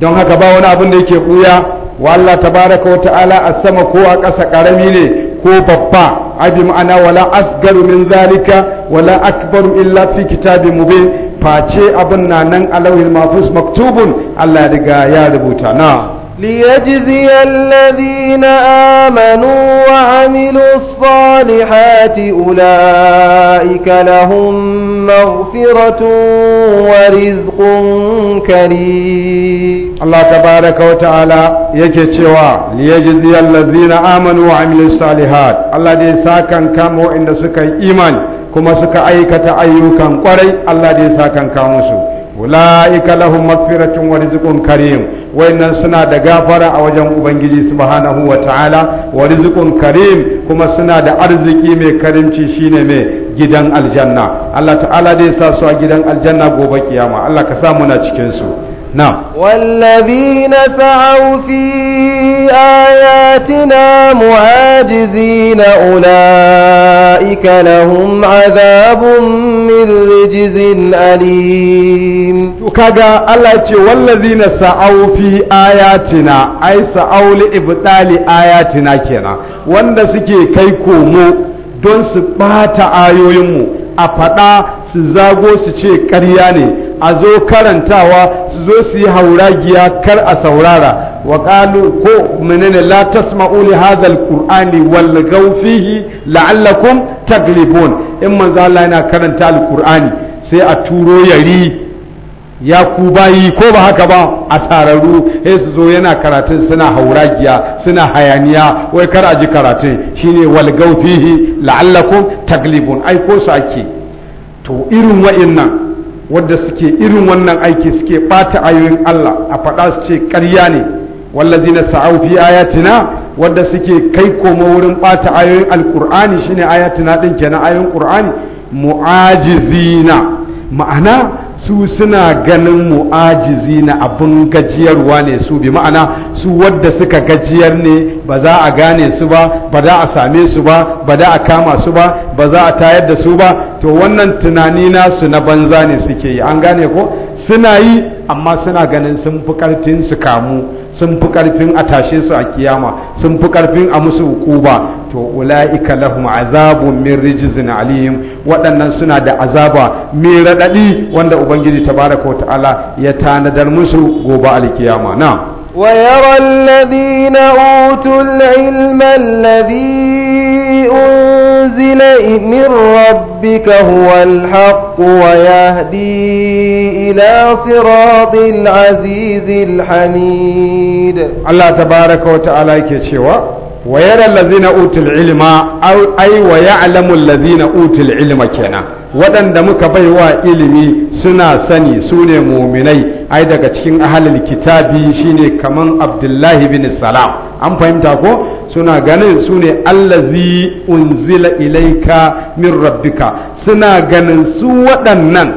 don haka ba wani abin da yake buya wa Allah tabaraka wata'ala a sama ko a ƙasa ƙarami ne ko babba abi ma'ana wala asgaru min zalika wala akbaru illa fi kitabin mubin face abin na nan alawil mafus maktubun Allah ya ya rubuta na ليجزي الذين آمنوا وعملوا الصالحات أولئك لهم مغفرة ورزق كريم الله تبارك وتعالى يكتشوا ليجزي الذين آمنوا وعملوا الصالحات الله دي ساكن كامو إن سكا إيمان كما سكا أيكة أيوكا قري الله دي ساكن كاموسو ulaika lahum magfiratun wa rizqun karim wayannan suna da gafara a wajen ubangiji subhanahu wa ta'ala wa rizqun karim kuma suna da arziki mai karimci shine mai gidan aljanna Allah ta'ala dai sa su a gidan aljanna gobe kiyama Allah ka sa muna cikin su na wallabina sa'u fi ayatina muhajizina ulai أولئك لهم عذاب من رجز أليم وكذا الله والذين سعوا في آياتنا أي سعوا لإبطال آياتنا كنا wanda suke kai komo don su ɓata ayoyinmu a faɗa su zago su ce ƙarya ne a zo karantawa su zo su yi hauragiya kar a saurara wa qalu ko menene la tasma'u li hadha alqur'ani wal fihi la'allakum taglibun in manzo Allah yana karanta alqur'ani sai a turo yari ya ku bayi ko ba haka ba a tsararru sai su zo yana karatun suna hauragiya suna hayaniya wai kar a ji karatun shine wal fihi la'allakum taglibun ai ko su ake to irin wa'innan wadda suke irin wannan aiki suke ɓata ayoyin Allah a faɗa su ce ƙarya ne wallazi na sa'au fi ayatina wadda suke kai koma wurin ɓata ayoyin alƙur'ani shine ayatina ɗin kenan ayoyin ƙur'ani mu'ajizina ma'ana su suna ganin mu'ajizi na abin gajiyarwa ne su bi ma'ana su wadda suka gajiyar ne ba za a gane su ba ba za a same su ba ba za a kama su ba ba za a tayar da su ba to wannan tunani nasu na banza ne suke yi an gane ko suna yi amma suna ganin sun fi karfin su kamu sun fi karfin a tashe su a kiyama sun fi karfin a musu hukuba to ula'ika lahum azabun min rijizin alihim waɗannan suna da azaba mai raɗaɗi wanda ubangiji tabaraka ta'ala ya tanadar musu gobe alkiyama na ويرى الذين أوتوا العلم الذي أنزل من ربك هو الحق ويهدي إلى صراط العزيز الحميد الله تبارك وتعالى كيشوا ويرى الذين أوتوا العلم أو أي ويعلم الذين أوتوا العلم كنا waɗanda muka baiwa ilimi suna sani su ne muminai ai daga cikin ahalil kitabi shine kaman abdullahi bin salam an fahimta ko suna ganin su ne allazi unzila ilaika min rabbika suna ganin su waɗannan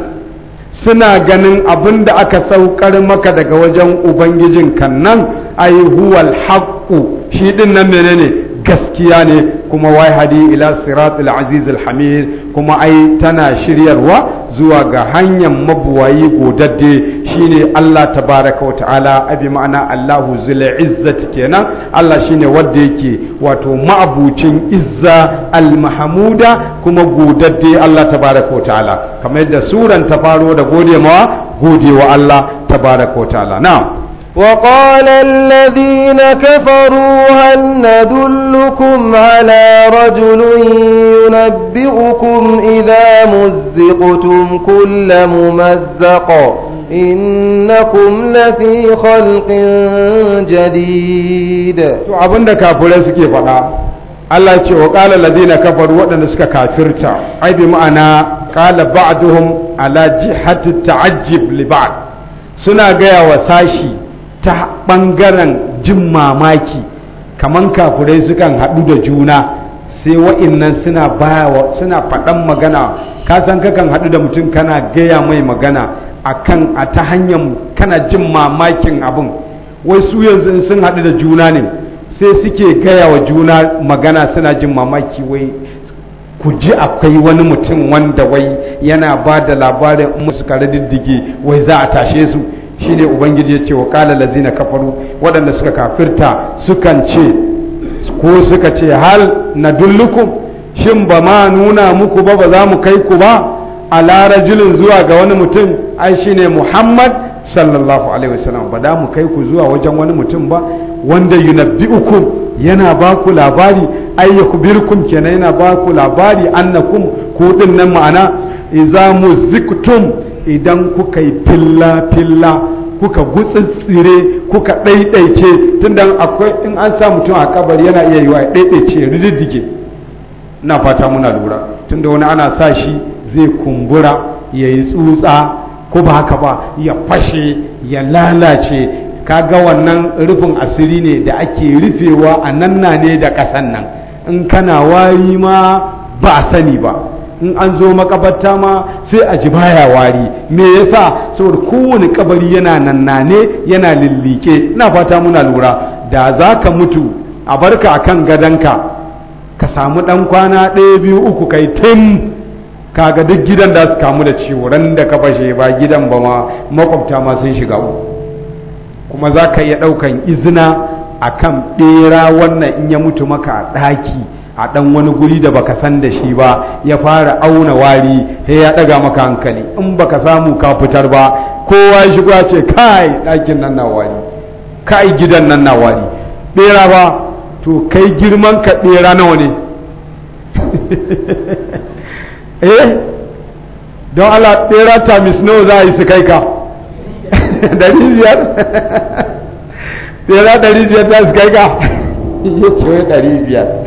suna ganin abin da aka saukar maka daga wajen ubangijin kan nan ai huwal haqqu shi din nan menene gaskiya ne kuma wai hadi ila siratul azizul hamid kuma ai tana shiryarwa zuwa ga hanyar mabuwayi godadde shine Allah tabaraka wa ta'ala abi ma'ana Allahu zul izzat kenan Allah shine wanda yake wato ma'abucin izza al mahmuda kuma godadde Allah tabaraka wa ta'ala kamar yadda suran ta faro da gode mawa gode wa Allah tabaraka wa ta'ala na'am وقال الذين كفروا هل ندلكم على رجل na bi hukum idan mu ziƙutu kula mu mazaƙa in na kumma fi kafurai su faɗa allah ce o kala ladaina kafar waɗanda suka kafirta abdullahi na kala ba'a duhun alhaji ta'ajib liba'an suna gaya wa sashi ta ɓangaren jin mamaki kamar kafurai sukan haɗu da juna. sai wa'innan suna bayawa suna faɗan magana ka san kakan haɗu da mutum kana gaya mai magana a kan a ta hanyar kana jin mamakin abin wai su yanzu sun haɗu da juna ne sai suke gaya wa juna magana suna jin mamaki wai ku ji akwai wani mutum wanda wai yana ba da labarin musu kare diddige wai za a tashe su shine ubangiji ya ce wa kala lazina kafaru waɗanda suka kafirta sukan ce ko suka ce hal na dullukum shin ba ma nuna muku ba ba za mu kai ku ba a larajilin zuwa ga wani mutum ai shine muhammad sallallahu alaihi wasallam ba da mu kai ku zuwa wajen wani mutum ba wanda yunabbi'ukum yana ba ku labari ai yakbirkum kenan yana ba ku labari annakum ku din nan ma'ana idza idan kuka yi filla filla kuka gutsitsire kuka ɗaiɗaice tunda akwai in an sa mutum a kabar yana iya yiwa ɗaiɗaice rididdige na fata muna lura tunda wani ana sa shi zai kumbura ya yi tsutsa ko ba haka ba ya fashe ya lalace kaga wannan rufin asiri ne da ake rufewa a nan ne da ƙasan nan in kana wari ma ba a sani ba in an zo makabarta ma sai a ji baya wari me yasa saboda kowane kabari yana nannane yana lillike ina fata muna lura da za ka mutu a barka a kan gadonka ka samu dan kwana ɗaya biyu uku kai tim kaga duk gidan da su kamu da ciwo ran da ka fashe ba gidan ba ma makwabta ma sun shiga kuma za ka iya ɗaukan izina akan kan ɓera wannan in ya mutu maka a ɗaki a ɗan wani guri da baka san da shi ba ya fara auna wari sai ya ɗaga maka hankali in baka samu ka fitar ba kowa ya shigo ce kai ɗakin nan na wari kai gidan nan na wari ɓera ba to kai girman ka ɓera nawa ne [LAUGHS] eh don Allah ɓera ta nawa za a yi su kai ka [LAUGHS] ɗari biyar [LAUGHS] ɓera ɗari biyar za su kai ka ya ce ɗari biyar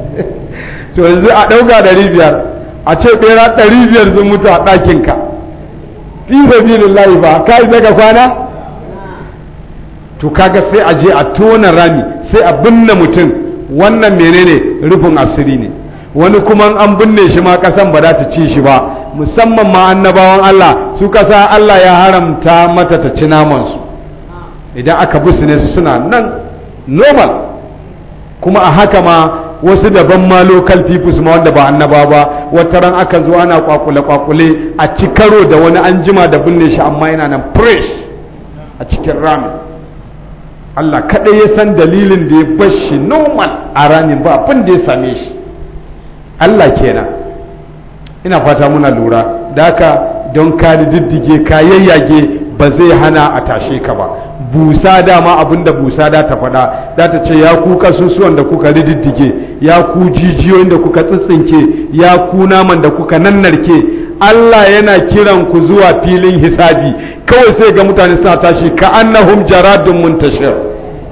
to yanzu a ɗauka ɗari biyar a ce ɓera ɗari biyar sun mutu a ɗakinka fi sabilin layi ba ka yi ka kwana to kaga sai a je a tona rami sai a binne mutum wannan menene rufin asiri ne wani kuma an binne shi ma kasan ba za ta ci shi ba musamman ma annabawan Allah su kasa Allah ya haramta mata ta ci namansu idan aka bi su ne suna nan normal kuma a haka ma wasu daban ma local peoples ma wanda ba annaba ba wata ran akan zo ana kwakule kwakule a cikaro da wani anjima da binne shi amma yana nan fresh a cikin rami Allah kaɗai ya san dalilin da ya bar shi normal a ramin ba abin da ya same shi Allah kenan ina fata muna lura da haka don ka diddige ka yayyage ba zai hana a tashe ka ba busa dama abinda busa da ta faɗa da ta ce ya ku kasusuwan da kuka rididdige ya ku jijiyoyin da kuka tsitsinke ya ku naman da kuka nannarke Allah yana kiran ku zuwa filin hisabi kawai sai ga mutane suna tashi ka annahum jaradun muntashir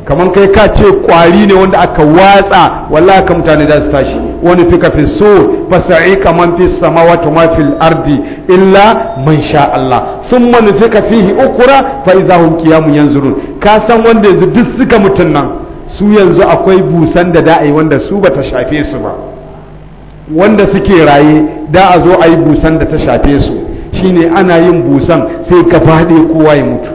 kamar kai ka ce kwari ne wanda aka watsa wallahi ka mutane za su tashi wani fika fi so fasa'ika man fi samawati ma ardi illa man sha Allah sun man fika fihi ukura fa idza hum qiyamun yanzurun ka san wanda yanzu duk suka mutun nan su yanzu akwai busan da da'ai wanda su ta shafe su ba wanda suke raye da a zo a yi busan da ta shafe su shine ana yin busan sai ka faɗe kowa ya mutu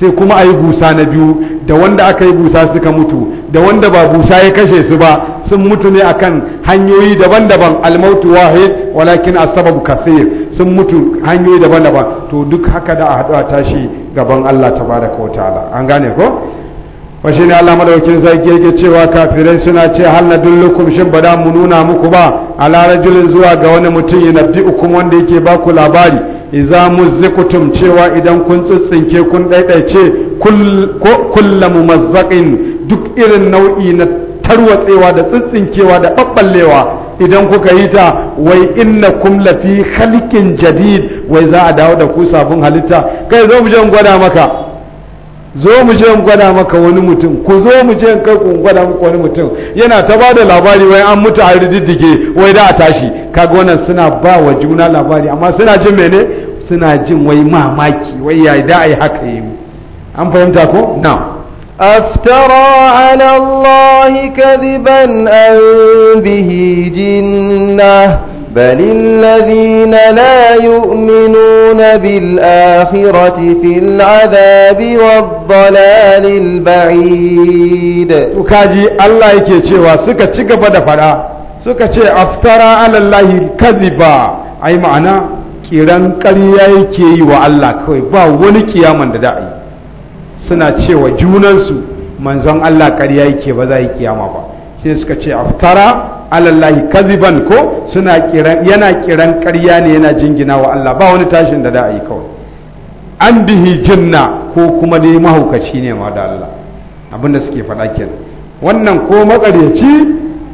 sai kuma a yi busa na biyu da wanda aka yi busa suka mutu da wanda ba busa ya kashe su ba sun mutu ne akan hanyoyi daban-daban almautu wahid walakin asbab kathir sun mutu hanyoyi daban-daban to duk haka da a haɗu a tashi gaban Allah tabaraka wa ta'ala an gane ko fashi ne Allah madaukin sarki yake cewa kafirai suna ce hal na dullukum shin ba da mu nuna muku ba ala rajulin zuwa ga wani mutum ya nabi ukum wanda yake ba ku labari idza muzziqutum cewa idan kun tsitsinke kun daidaice kullu mazzaqin duk irin nau'i na tarwatsewa da tsintsinkewa da ɓaɓɓallewa idan kuka yi ta wai inna kum lafi khaliqin jadid wai za a dawo da ku sabon halitta kai zo mu je gwada maka zo mu je gwada maka wani mutum ku zo mu je kai ku gwada maka wani mutum yana ta ba da labari wai an mutu a rididdige wai da a tashi kaga wannan suna ba wa juna labari amma suna jin mene suna jin wai mamaki wai ya da ai haka yi an fahimta ko na'am أفترى على الله كذبا أن به جنة بل الذين لا يؤمنون بالآخرة في العذاب والضلال البعيد وكاجي الله يكي سكا تشيكا بدا فرا سكا تشي أفترى على الله كذبا أي معنى kiran ƙarya yake yi wa Allah kawai ba wani kiyaman da da'a suna cewa junansu manzon Allah ƙarya yake ba za yi kiyama ba sai suka ce aftara alallahi kaziban ko suna kiran yana kiran ƙarya ne yana jingina wa Allah ba wani tashin da da a yi kawai an bihi jinna ko kuma dai mahaukaci ne ma da Allah abinda suke faɗa kenan wannan ko maƙaryaci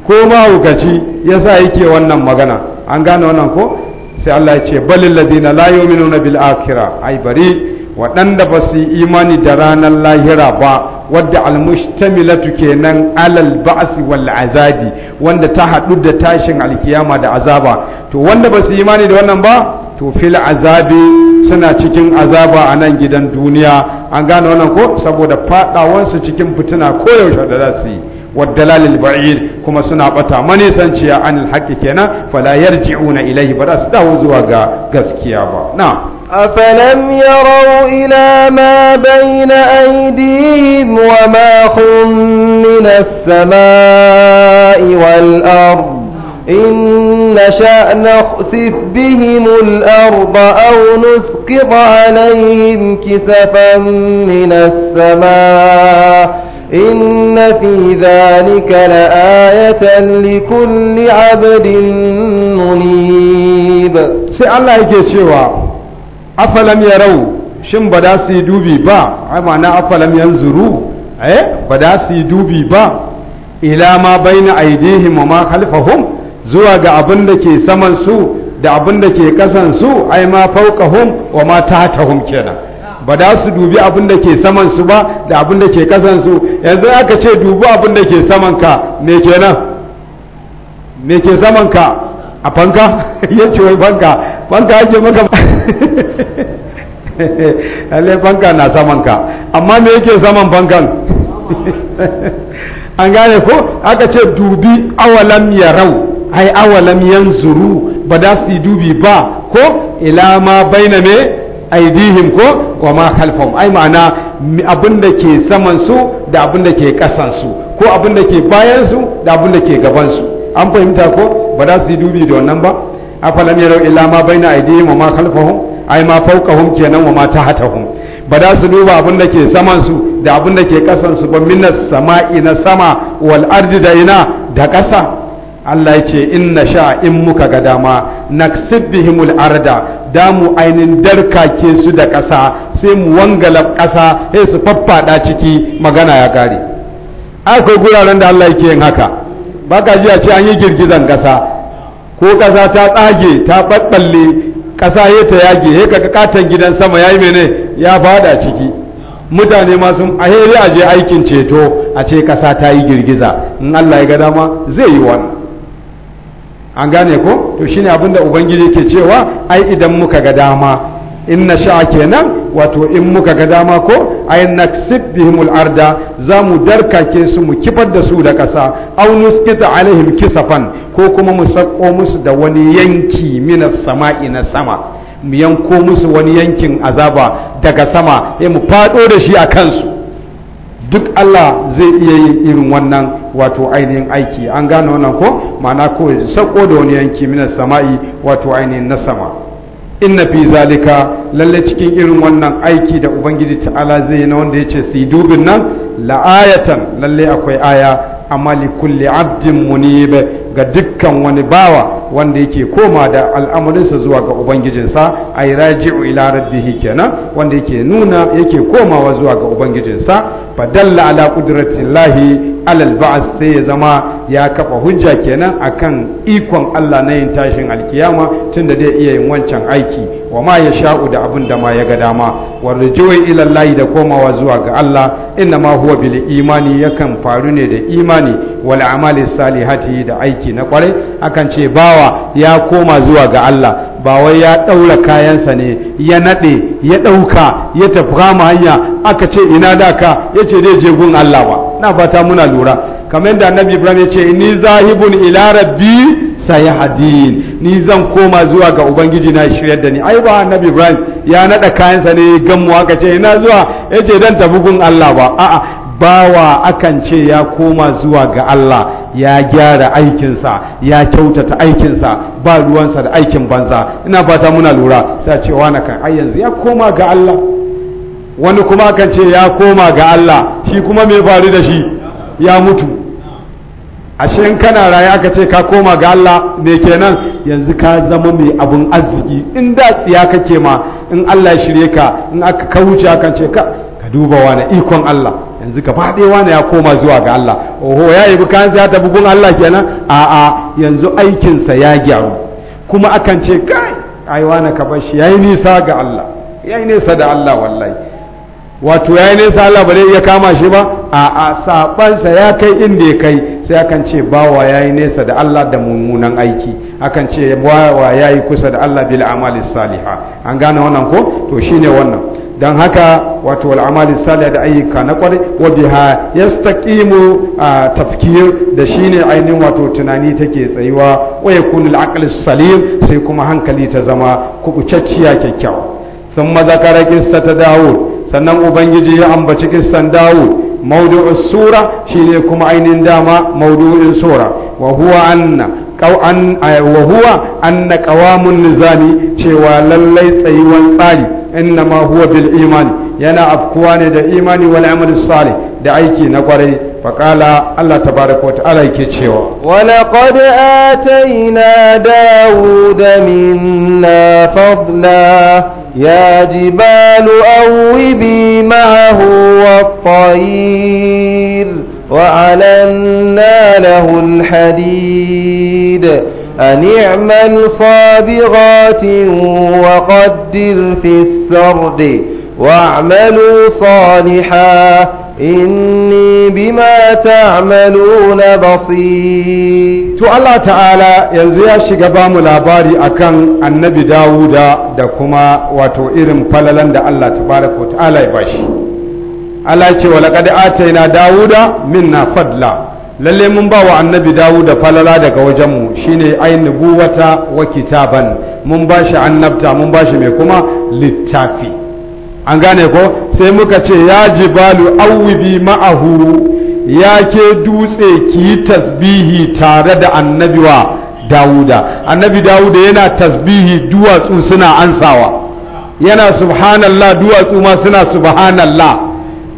ko mahaukaci yasa yake wannan magana an gane wannan ko sai Allah ya ce balil ladina la yu'minuna bil akhirah ai bari waɗanda ba su imani da ranar lahira ba wadda almustamilatu kenan alal ba'si wal azabi wanda ta haɗu da tashin alkiyama da azaba to wanda ba su imani da wannan ba to fil azabi suna cikin azaba a nan gidan duniya an gane wannan ko saboda faɗawansu cikin fitina koyaushe da za su yi والدلال البعيد كما سنا بتا من يسنشيا عن الحق كنا ba za su dawo zuwa ga gaskiya ba نعم أفلم يروا إلى ما بين أيديهم وما هم من السماء والأرض إن نشأ نخسف بهم الأرض أو نسقط عليهم كسفا من السماء إن في ذلك لآية لكل عبد منيب سأل الله يجيشوا afalam rau shin ba da su yi dubi ba ai ma'ana afalam zuru eh ba da su yi dubi ba ila ma baina aidihim wa ma khalfahum zuwa ga abin da ke saman su da abin da ke kasan su ai ma fawqahum wa ma tahtahum kenan ba da su dubi abin da ke saman su ba da abin da ke kasan su yanzu aka ce dubi abin da ke saman ka me kenan me ke saman ka a fanka [LAUGHS] yace wai fanka fanka ake maka [LAUGHS] lalle fanka na saman ka amma me yake saman fankan [LAUGHS] an gane ko aka ce dubi awalam yarau ai awalam zuru ba da su dubi ba ko ila ma baina me aidihim ko wa ma khalfahum ai ma'ana abin ke saman su da abin da ke kasan su ko abin ke bayan su da abin ke gaban su an fahimta ko ba da su dubi da wannan ba afalam yarau ila ma baina aydihim wa ma khalfahum yi ma fawqahum kenan wa ma tahatahum ba za su duba abin da ke saman da abin da ke kasan su ba minna sama'i na sama wal ardi da ina da kasa Allah ya ce inna sha in muka ga dama naksib bihimul arda damu ainin ke su da kasa sai mu wangala kasa sai su faffada ciki magana ya kare akwai guraren da Allah yake yin haka ka ji a ce an yi girgizan kasa ko ƙasa ta tsage ta ɓaɓɓalle ƙasa ya ta yage he ka katon gidan sama ya yi mene ya fada ciki mutane masu sun aheri a je aikin ceto a ce ƙasa ta yi girgiza in Allah ya ga dama zai yi wani an gane ko to shine abin da ubangiji ke cewa ai idan muka ga dama in na sha kenan wato in muka ga dama ko ayin naksib bihimul arda zamu darkake su mu kifar da su da ƙasa au nuskita alaihim kisafan ko kuma mu sako musu da wani yanki minas sama'i na sama mu yanko musu wani yankin azaba daga sama ya mu fado da shi a kansu duk Allah zai iya yin irin wannan wato ainihin aiki an gane wannan ko ma'ana kawai sako da wani yanki minas sama'i wato ainihin na sama inna fi zalika lalle cikin irin wannan aiki da ubangiji ta'ala zai yi na wanda ya ce su dubin nan la'ayatan lalle akwai aya amma li kulli abdin munib ga dukkan wani bawa wanda yake koma da al'amarinsa zuwa ga ubangijinsa ay raji'u ila rabbih kenan wanda yake nuna yake komawa zuwa ga ubangijinsa fadalla ala alal ba'th sai ya zama ya kafa hujja kenan akan ikon Allah na yin tashin alkiyama tunda zai iya yin wancan aiki wa ma ya sha'u da abin da ma ya ga dama wa rujuwai ilallahi da komawa zuwa ga Allah inna ma huwa bil imani yakan faru ne da imani wal amali salihati da aiki na kwarai akan ce bawa ya koma zuwa ga Allah ba wai ya ɗaura kayansa ne ya naɗe ya ɗauka ya tafi kama hanya aka ce ina da ka ya ce zai je gun Allah ba na fata muna lura kamar yadda annabi ibrahim ya ce ni zahibun ila rabbi sayahadin ni zan koma zuwa ga ubangiji na shiryar da ni ai ba annabi ibrahim ya naɗa kayansa ne gammu aka ce ina zuwa ya ce dan tafi gun Allah ba a'a bawa akan ce ya koma zuwa ga Allah ya gyara aikinsa ya kyautata aikinsa ba ruwansa da aikin banza ina fata muna lura sai ce wani kan ai yanzu ya koma ga Allah wani kuma akan ce ya koma ga Allah shi kuma mai faru da shi ya mutu ashe in kana raya aka ce ka koma ga Allah me kenan yanzu ka zama mai abun arziki in da tsiya kake ma in Allah ya shirye ka in aka kauce akan ce ka ka duba wani ikon Allah yanzu gaba ɗaya ne ya koma zuwa ga Allah oho ya yi kayan ya tafi gun Allah kenan a'a yanzu aikinsa ya gyaru kuma akan ce kai ai wani ka bar shi yayi nisa ga Allah yayi nisa da Allah wallahi wato yayi nisa Allah ba zai iya kama shi ba a'a sabansa ya kai inda ya kai sai akan ce bawa yayi nesa da Allah da mummunan aiki akan ce bawa yayi kusa da Allah bil amali salihah an gane wannan ko to shine wannan don haka wato al'amali salih da ayyuka na kwarai wa biha yastaqimu tafkir da shine ainihin wato tunani take tsayuwa wa yakunu al salim sai kuma hankali ta zama kubucacciya kyakkyawa thumma zakara ta dawo sannan ubangiji ya ambaci kissan daud mawdu'us sura shine kuma ainihin dama mawdu'in sura wa huwa anna wa huwa anna qawamun nizami cewa lallai tsayuwan tsari innama huwa bil iman yana afkuwa ne da imani wal amal salih da aiki na kwarai faƙala Allah ta baraka wata ala yake cewa walaƙad ataina dawuda minna fadla ya jibalu awwibi ma'ahu wa-tayr وعلنا له الحديد أن اعمل صابغات وقدر في السرد واعملوا صالحا إني بما تعملون بصير تو الله تعالى ينزو يا شغبا ملاباري أكان النبي داود دا كما واتو إرم فللن دا الله تبارك وتعالى يباشي الله يقول ولقد آتينا داود منا فضلا lalle mun ba wa annabi dawo da falala daga wajenmu shine ai nubuwata wa kitaban mun ba shi annabta mun ba shi mai kuma littafi an gane ko sai muka ce ya ji jibalu awwibi ma'ahu ya ke dutse ki tasbihi tare da annabi wa dawuda annabi dawuda yana tasbihi duwatsu suna ansawa yana subhanallah duwatsu ma suna subhanallah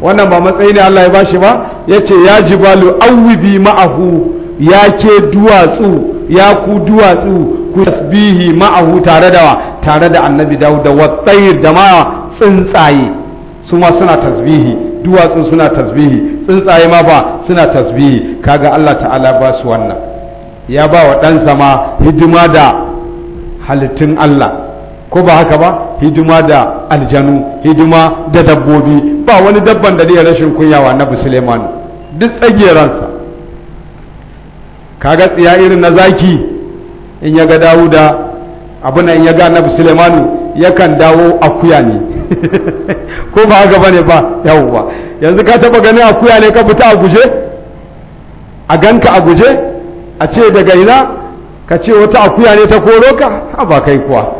wannan ba matsayi ne Allah ya bashi ba ya ce ya jibalu awwibi ma'ahu ya ke duwatsu ya ku duwatsu ku tasbihi ma'ahu tare da tare da annabi dawud da da ma tsuntsaye su ma suna tasbihi duwatsu suna tasbihi tsuntsaye ma ba suna tasbihi kaga Allah ta'ala ba su wannan ya ba wa dan ma hidima da halittun Allah ko ba haka ba hidima da aljanu hidima da dabbobi ba wani dabban da ya rashin kunyawa na suleiman duk tsageransa kaga tsiya irin na zaki in ya ga dawuda na in ya ga na sulemanu yakan dawo akuya ne [LAUGHS] ko ba haka bane ba ba yanzu ka taba ganin akuya ne ka fita a guje a ganka a guje a ce daga ina ka ce wata akuya ne ta koro ka ba kai kuwa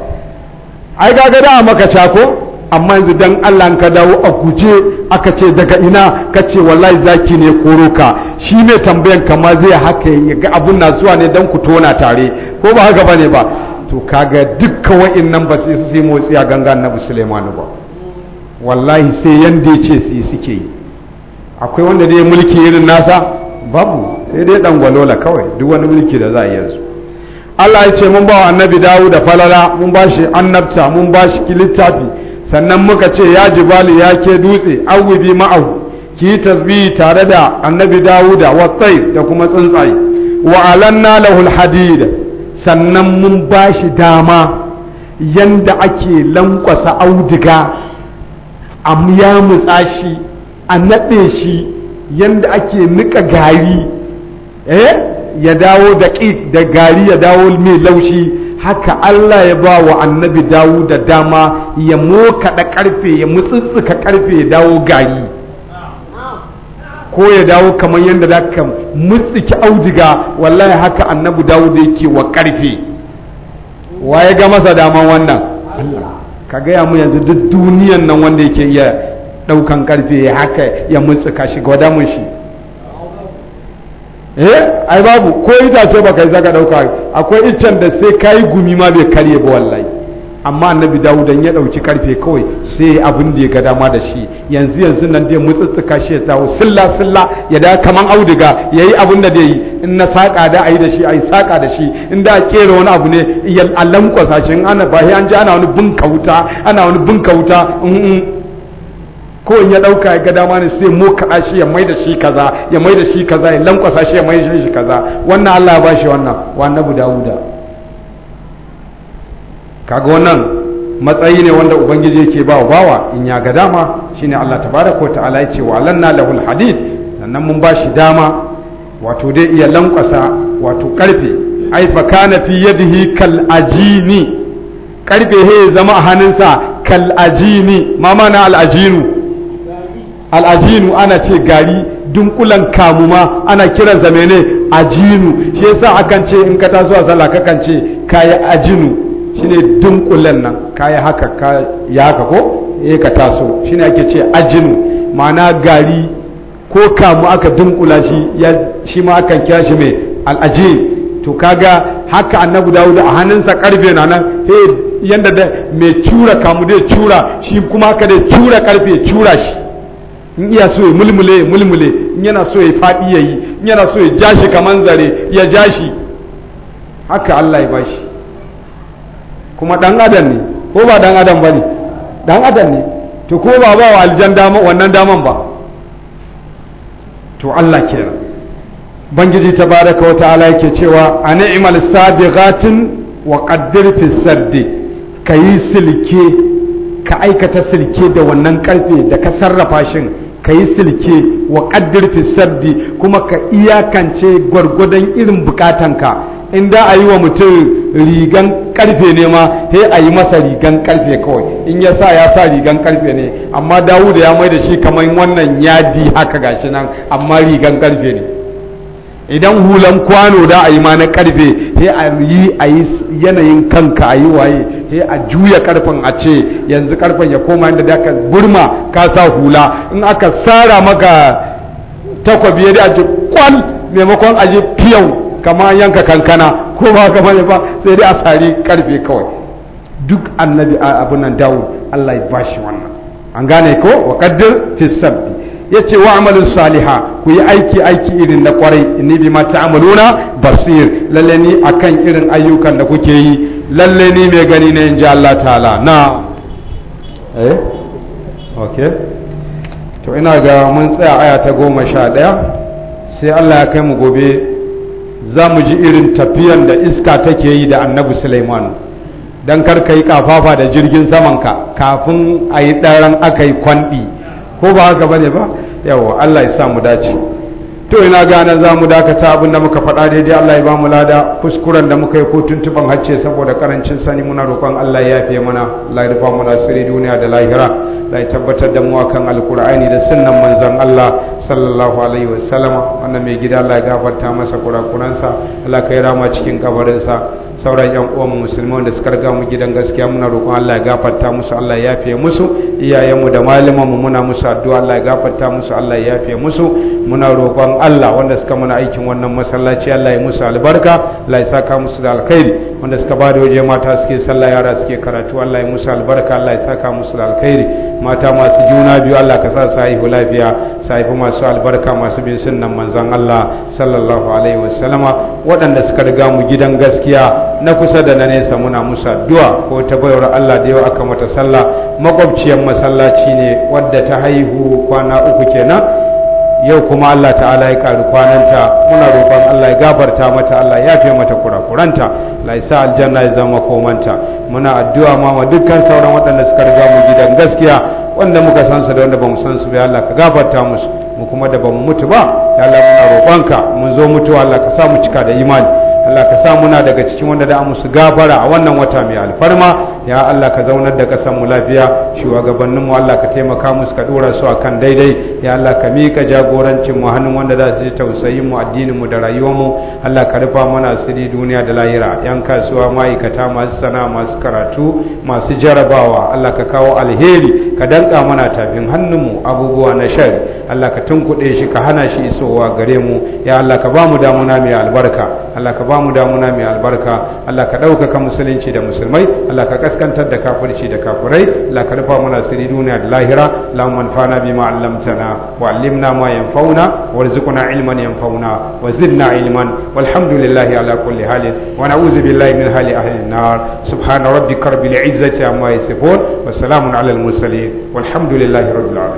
ai ga da maka ko amma yanzu dan Allah ka dawo a guje aka ce daga ina ka ce wallahi zaki ne koro ka shi ne tambayan ka ma zai haka ya ga abun na zuwa ne dan ku tona tare ko ba haka bane ba to kaga dukkan wa'annan ba su sai motsi a ganga annabi Sulaiman ba wallahi sai yanda yace su suke yi akwai wanda dai mulki irin nasa babu sai dai dan gwalola kawai duk wani mulki da za a yanzu Allah ya ce mun ba wa annabi dawo da falala mun ba shi annabta mun ba shi littafi sannan muka ce ya jibali ya ke dutse bi ma'au ki tasbihi tare da annabi dawuda wa da kuma tsuntsaye wa alanna lahul hadid sannan mun bashi dama yanda ake lankwasa audiga a ya mutsa shi a naɗe shi yanda ake nika gari eh ya dawo da da gari ya dawo mai laushi haka Allah ya ba wa annabi dawo da dama ya mokaɗa karfe ya mutsutsuka karfe ya dawo gari ko ya dawo kamar yadda za ka mutsuki audiga wallahi haka annabi dawo da yake wa karfe wa ga masa dama wannan ka gaya mu yanzu duk duniyan nan wanda yake iya ɗaukan ƙarfe ya haka ya mutsuka shi gwada mun shi eh ai babu ko itace baka yi zaka dauka akwai iccen da sai kai gumi ma bai karye ba wallahi amma annabi dawudan ya dauki karfe kawai sai abin da ya ga dama da shi yanzu yanzu nan dai mutsutsuka shi ya tawo silla silla ya da kaman auduga yayi abin da dai in na saka da ayi da shi ayi saka da shi in da kera wani abu ne ya allan shi ana bahi an ji ana wani bunka wuta ana wani bunka wuta kawai ya dauka ya ga dama ne sai moka shi ya mai da shi kaza ya mai da shi kaza ya lankwasa shi ya mai da shi kaza wannan Allah ya bashi wannan wa annabi Dawuda kaga wannan matsayi ne wanda ubangiji yake ba bawa in ya ga dama shine Allah tabaraka wa ta'ala yace wa alanna lahul hadid sannan mun bashi dama wato dai iya lankwasa wato karfe ai fa kana fi yadihi kal ajini karfe he zama a hannunsa kal ajini ma mana al ajinu al'ajinu ana ce gari dunkulan kamuma ana kiran zamene ajinu shi yasa akan ce in ka taso a sallah kakan ce kayi ajinu shine dunkulan nan kayi haka ya haka ko eh ka taso shine ake ce ajinu ma'ana gari ko kamu aka dunkula shi ya shi ma akan kira shi mai al'ajin to kaga haka annabi dawud a hannunsa karfe na nan yanda da mai cura kamu dai cura shi kuma haka dai cura karfe cura shi in iya so ya mulmule mulmule in yana so ya faɗi ya yi in yana so ya jashi kamar zare ya jashi haka Allah ya shi kuma dan adam ne ko ba dan adam bane dan adam ne to ko ba ba wa aljan dama wannan daman ba to Allah kenan bangiji ta bada kawata ala yake cewa a ni'mal sabiqatin wa qaddir fi ka yi silke ka aikata silke da wannan karfe da ka sarrafa shin ka yi silke wa ƙaddirfi sardi kuma ka iyakance gwargwadon irin bukatanka in da a yi wa mutum rigan karfe ne ma sai a yi masa rigan karfe kawai in ya sa ya sa rigan karfe ne amma dawuda ya mai da shi kamar wannan yadi haka gashi nan amma rigan karfe ne idan hulan kwano da a yi ma na karfe sai a yi yanayin kanka a yi waye sai a juya karfin a ce yanzu karfin ya koma inda da ka burma ka sa hula in aka sara maka takwabi ya da kwal maimakon a ji fiyau kama yanka kankana ko ba ka ya ba sai dai a sari karfe kawai duk annabi abin nan dawo Allah ya bashi wannan an gane ko wa kaddar fi ya yace wa amalin saliha ku yi aiki aiki irin na kwarai inni bi ma ta'maluna basir lalle ni akan irin ayyukan da kuke yi lalle ni mai gani ne in Allah ta'ala na eh ok to ina ga mun tsaya aya ta goma sha ɗaya sai Allah ya kai mu gobe za mu ji irin tafiyan da iska take yi da annabi Suleiman don kar ka yi kafafa da jirgin saman ka, kafin a yi ɗaran aka yi kwanɗi ko ba haka ba ne ba yawa Allah ya sa mu dace to ina gane za mu dakata abin da muka faɗa daidai Allah ya ba mu lada kuskuren da muka yi ko tuntuban hacce saboda karancin sani muna roƙon Allah ya yafe mana Allah ya rufa mu sirri duniya da lahira da tabbatar da mu akan alkur'ani da sunnan manzon Allah sallallahu alaihi wasallam wannan mai gida Allah ya gafarta masa kurakuransa Allah ka yi rama cikin kabarinsa sauran yan uwan musulman da suka riga mu gidan gaskiya muna roƙon Allah ya gafarta musu Allah ya yafe musu iyayenmu da malamanmu muna musu addu'a Allah ya gafarta musu Allah ya yafe musu muna roƙon Allah wanda suka muna aikin wannan masallaci Allah ya musu albarka Allah ya saka musu da alkhairi wanda suka ba da waje mata suke sallah yara suke karatu Allah ya musu albarka Allah ya saka musu da alkhairi mata masu juna biyu Allah ka sa su haihu lafiya su haifi masu albarka masu bin sunnan manzon Allah sallallahu alaihi wasallama waɗanda suka riga mu gidan gaskiya na kusa da na nesa muna musa addu'a ko ta bayar Allah da yau aka mata sallah makwabciyar masallaci ne wadda ta haihu kwana uku kenan yau kuma Allah ta'ala ya ƙari kwananta muna roƙon Allah ya gabarta mata Allah ya fi mata kurakuranta laisa aljanna ya zama komanta muna addu'a ma dukkan sauran waɗanda suka riga mu gidan gaskiya wanda muka san su da wanda bamu san su ba Allah ka gafarta musu mu kuma da mu mutu ba ya Allah muna roƙonka mun zo mutuwa Allah ka sa mu cika da imani Allah ka sa muna daga cikin wanda da amsu gafara a wannan wata mai alfarma ya Allah ka zaunar da kasan mu lafiya shugabannin mu Allah ka taimaka musu ka dora su akan daidai ya Allah ka mika jagorancin mu hannun wanda za su ji tausayin mu addinin mu da rayuwar mu Allah ka rufa mana asiri duniya da lahira yan kasuwa ma'aikata masu sana'a masu karatu masu jarabawa Allah ka kawo alheri ka danka mana tafin hannun mu abubuwa na shari Allah ka tunkuɗe shi ka hana shi isowa gare mu ya Allah ka ba mu damuna mai albarka Allah ka ba mu damuna mai albarka Allah ka ɗaukaka musulunci da musulmai Allah ka kaskantar da kafirci da kafirai la karfa mana sirri duniya da lahira la manfana bima allamtana wa allimna ma yanfauna warzuqna ilman yanfauna wa zidna ilman walhamdulillahi ala kulli halin wa na'udzu billahi min hali ahli an-nar subhana rabbika rabbil izzati amma yasifun wa salamun ala al-mursalin walhamdulillahi rabbil alamin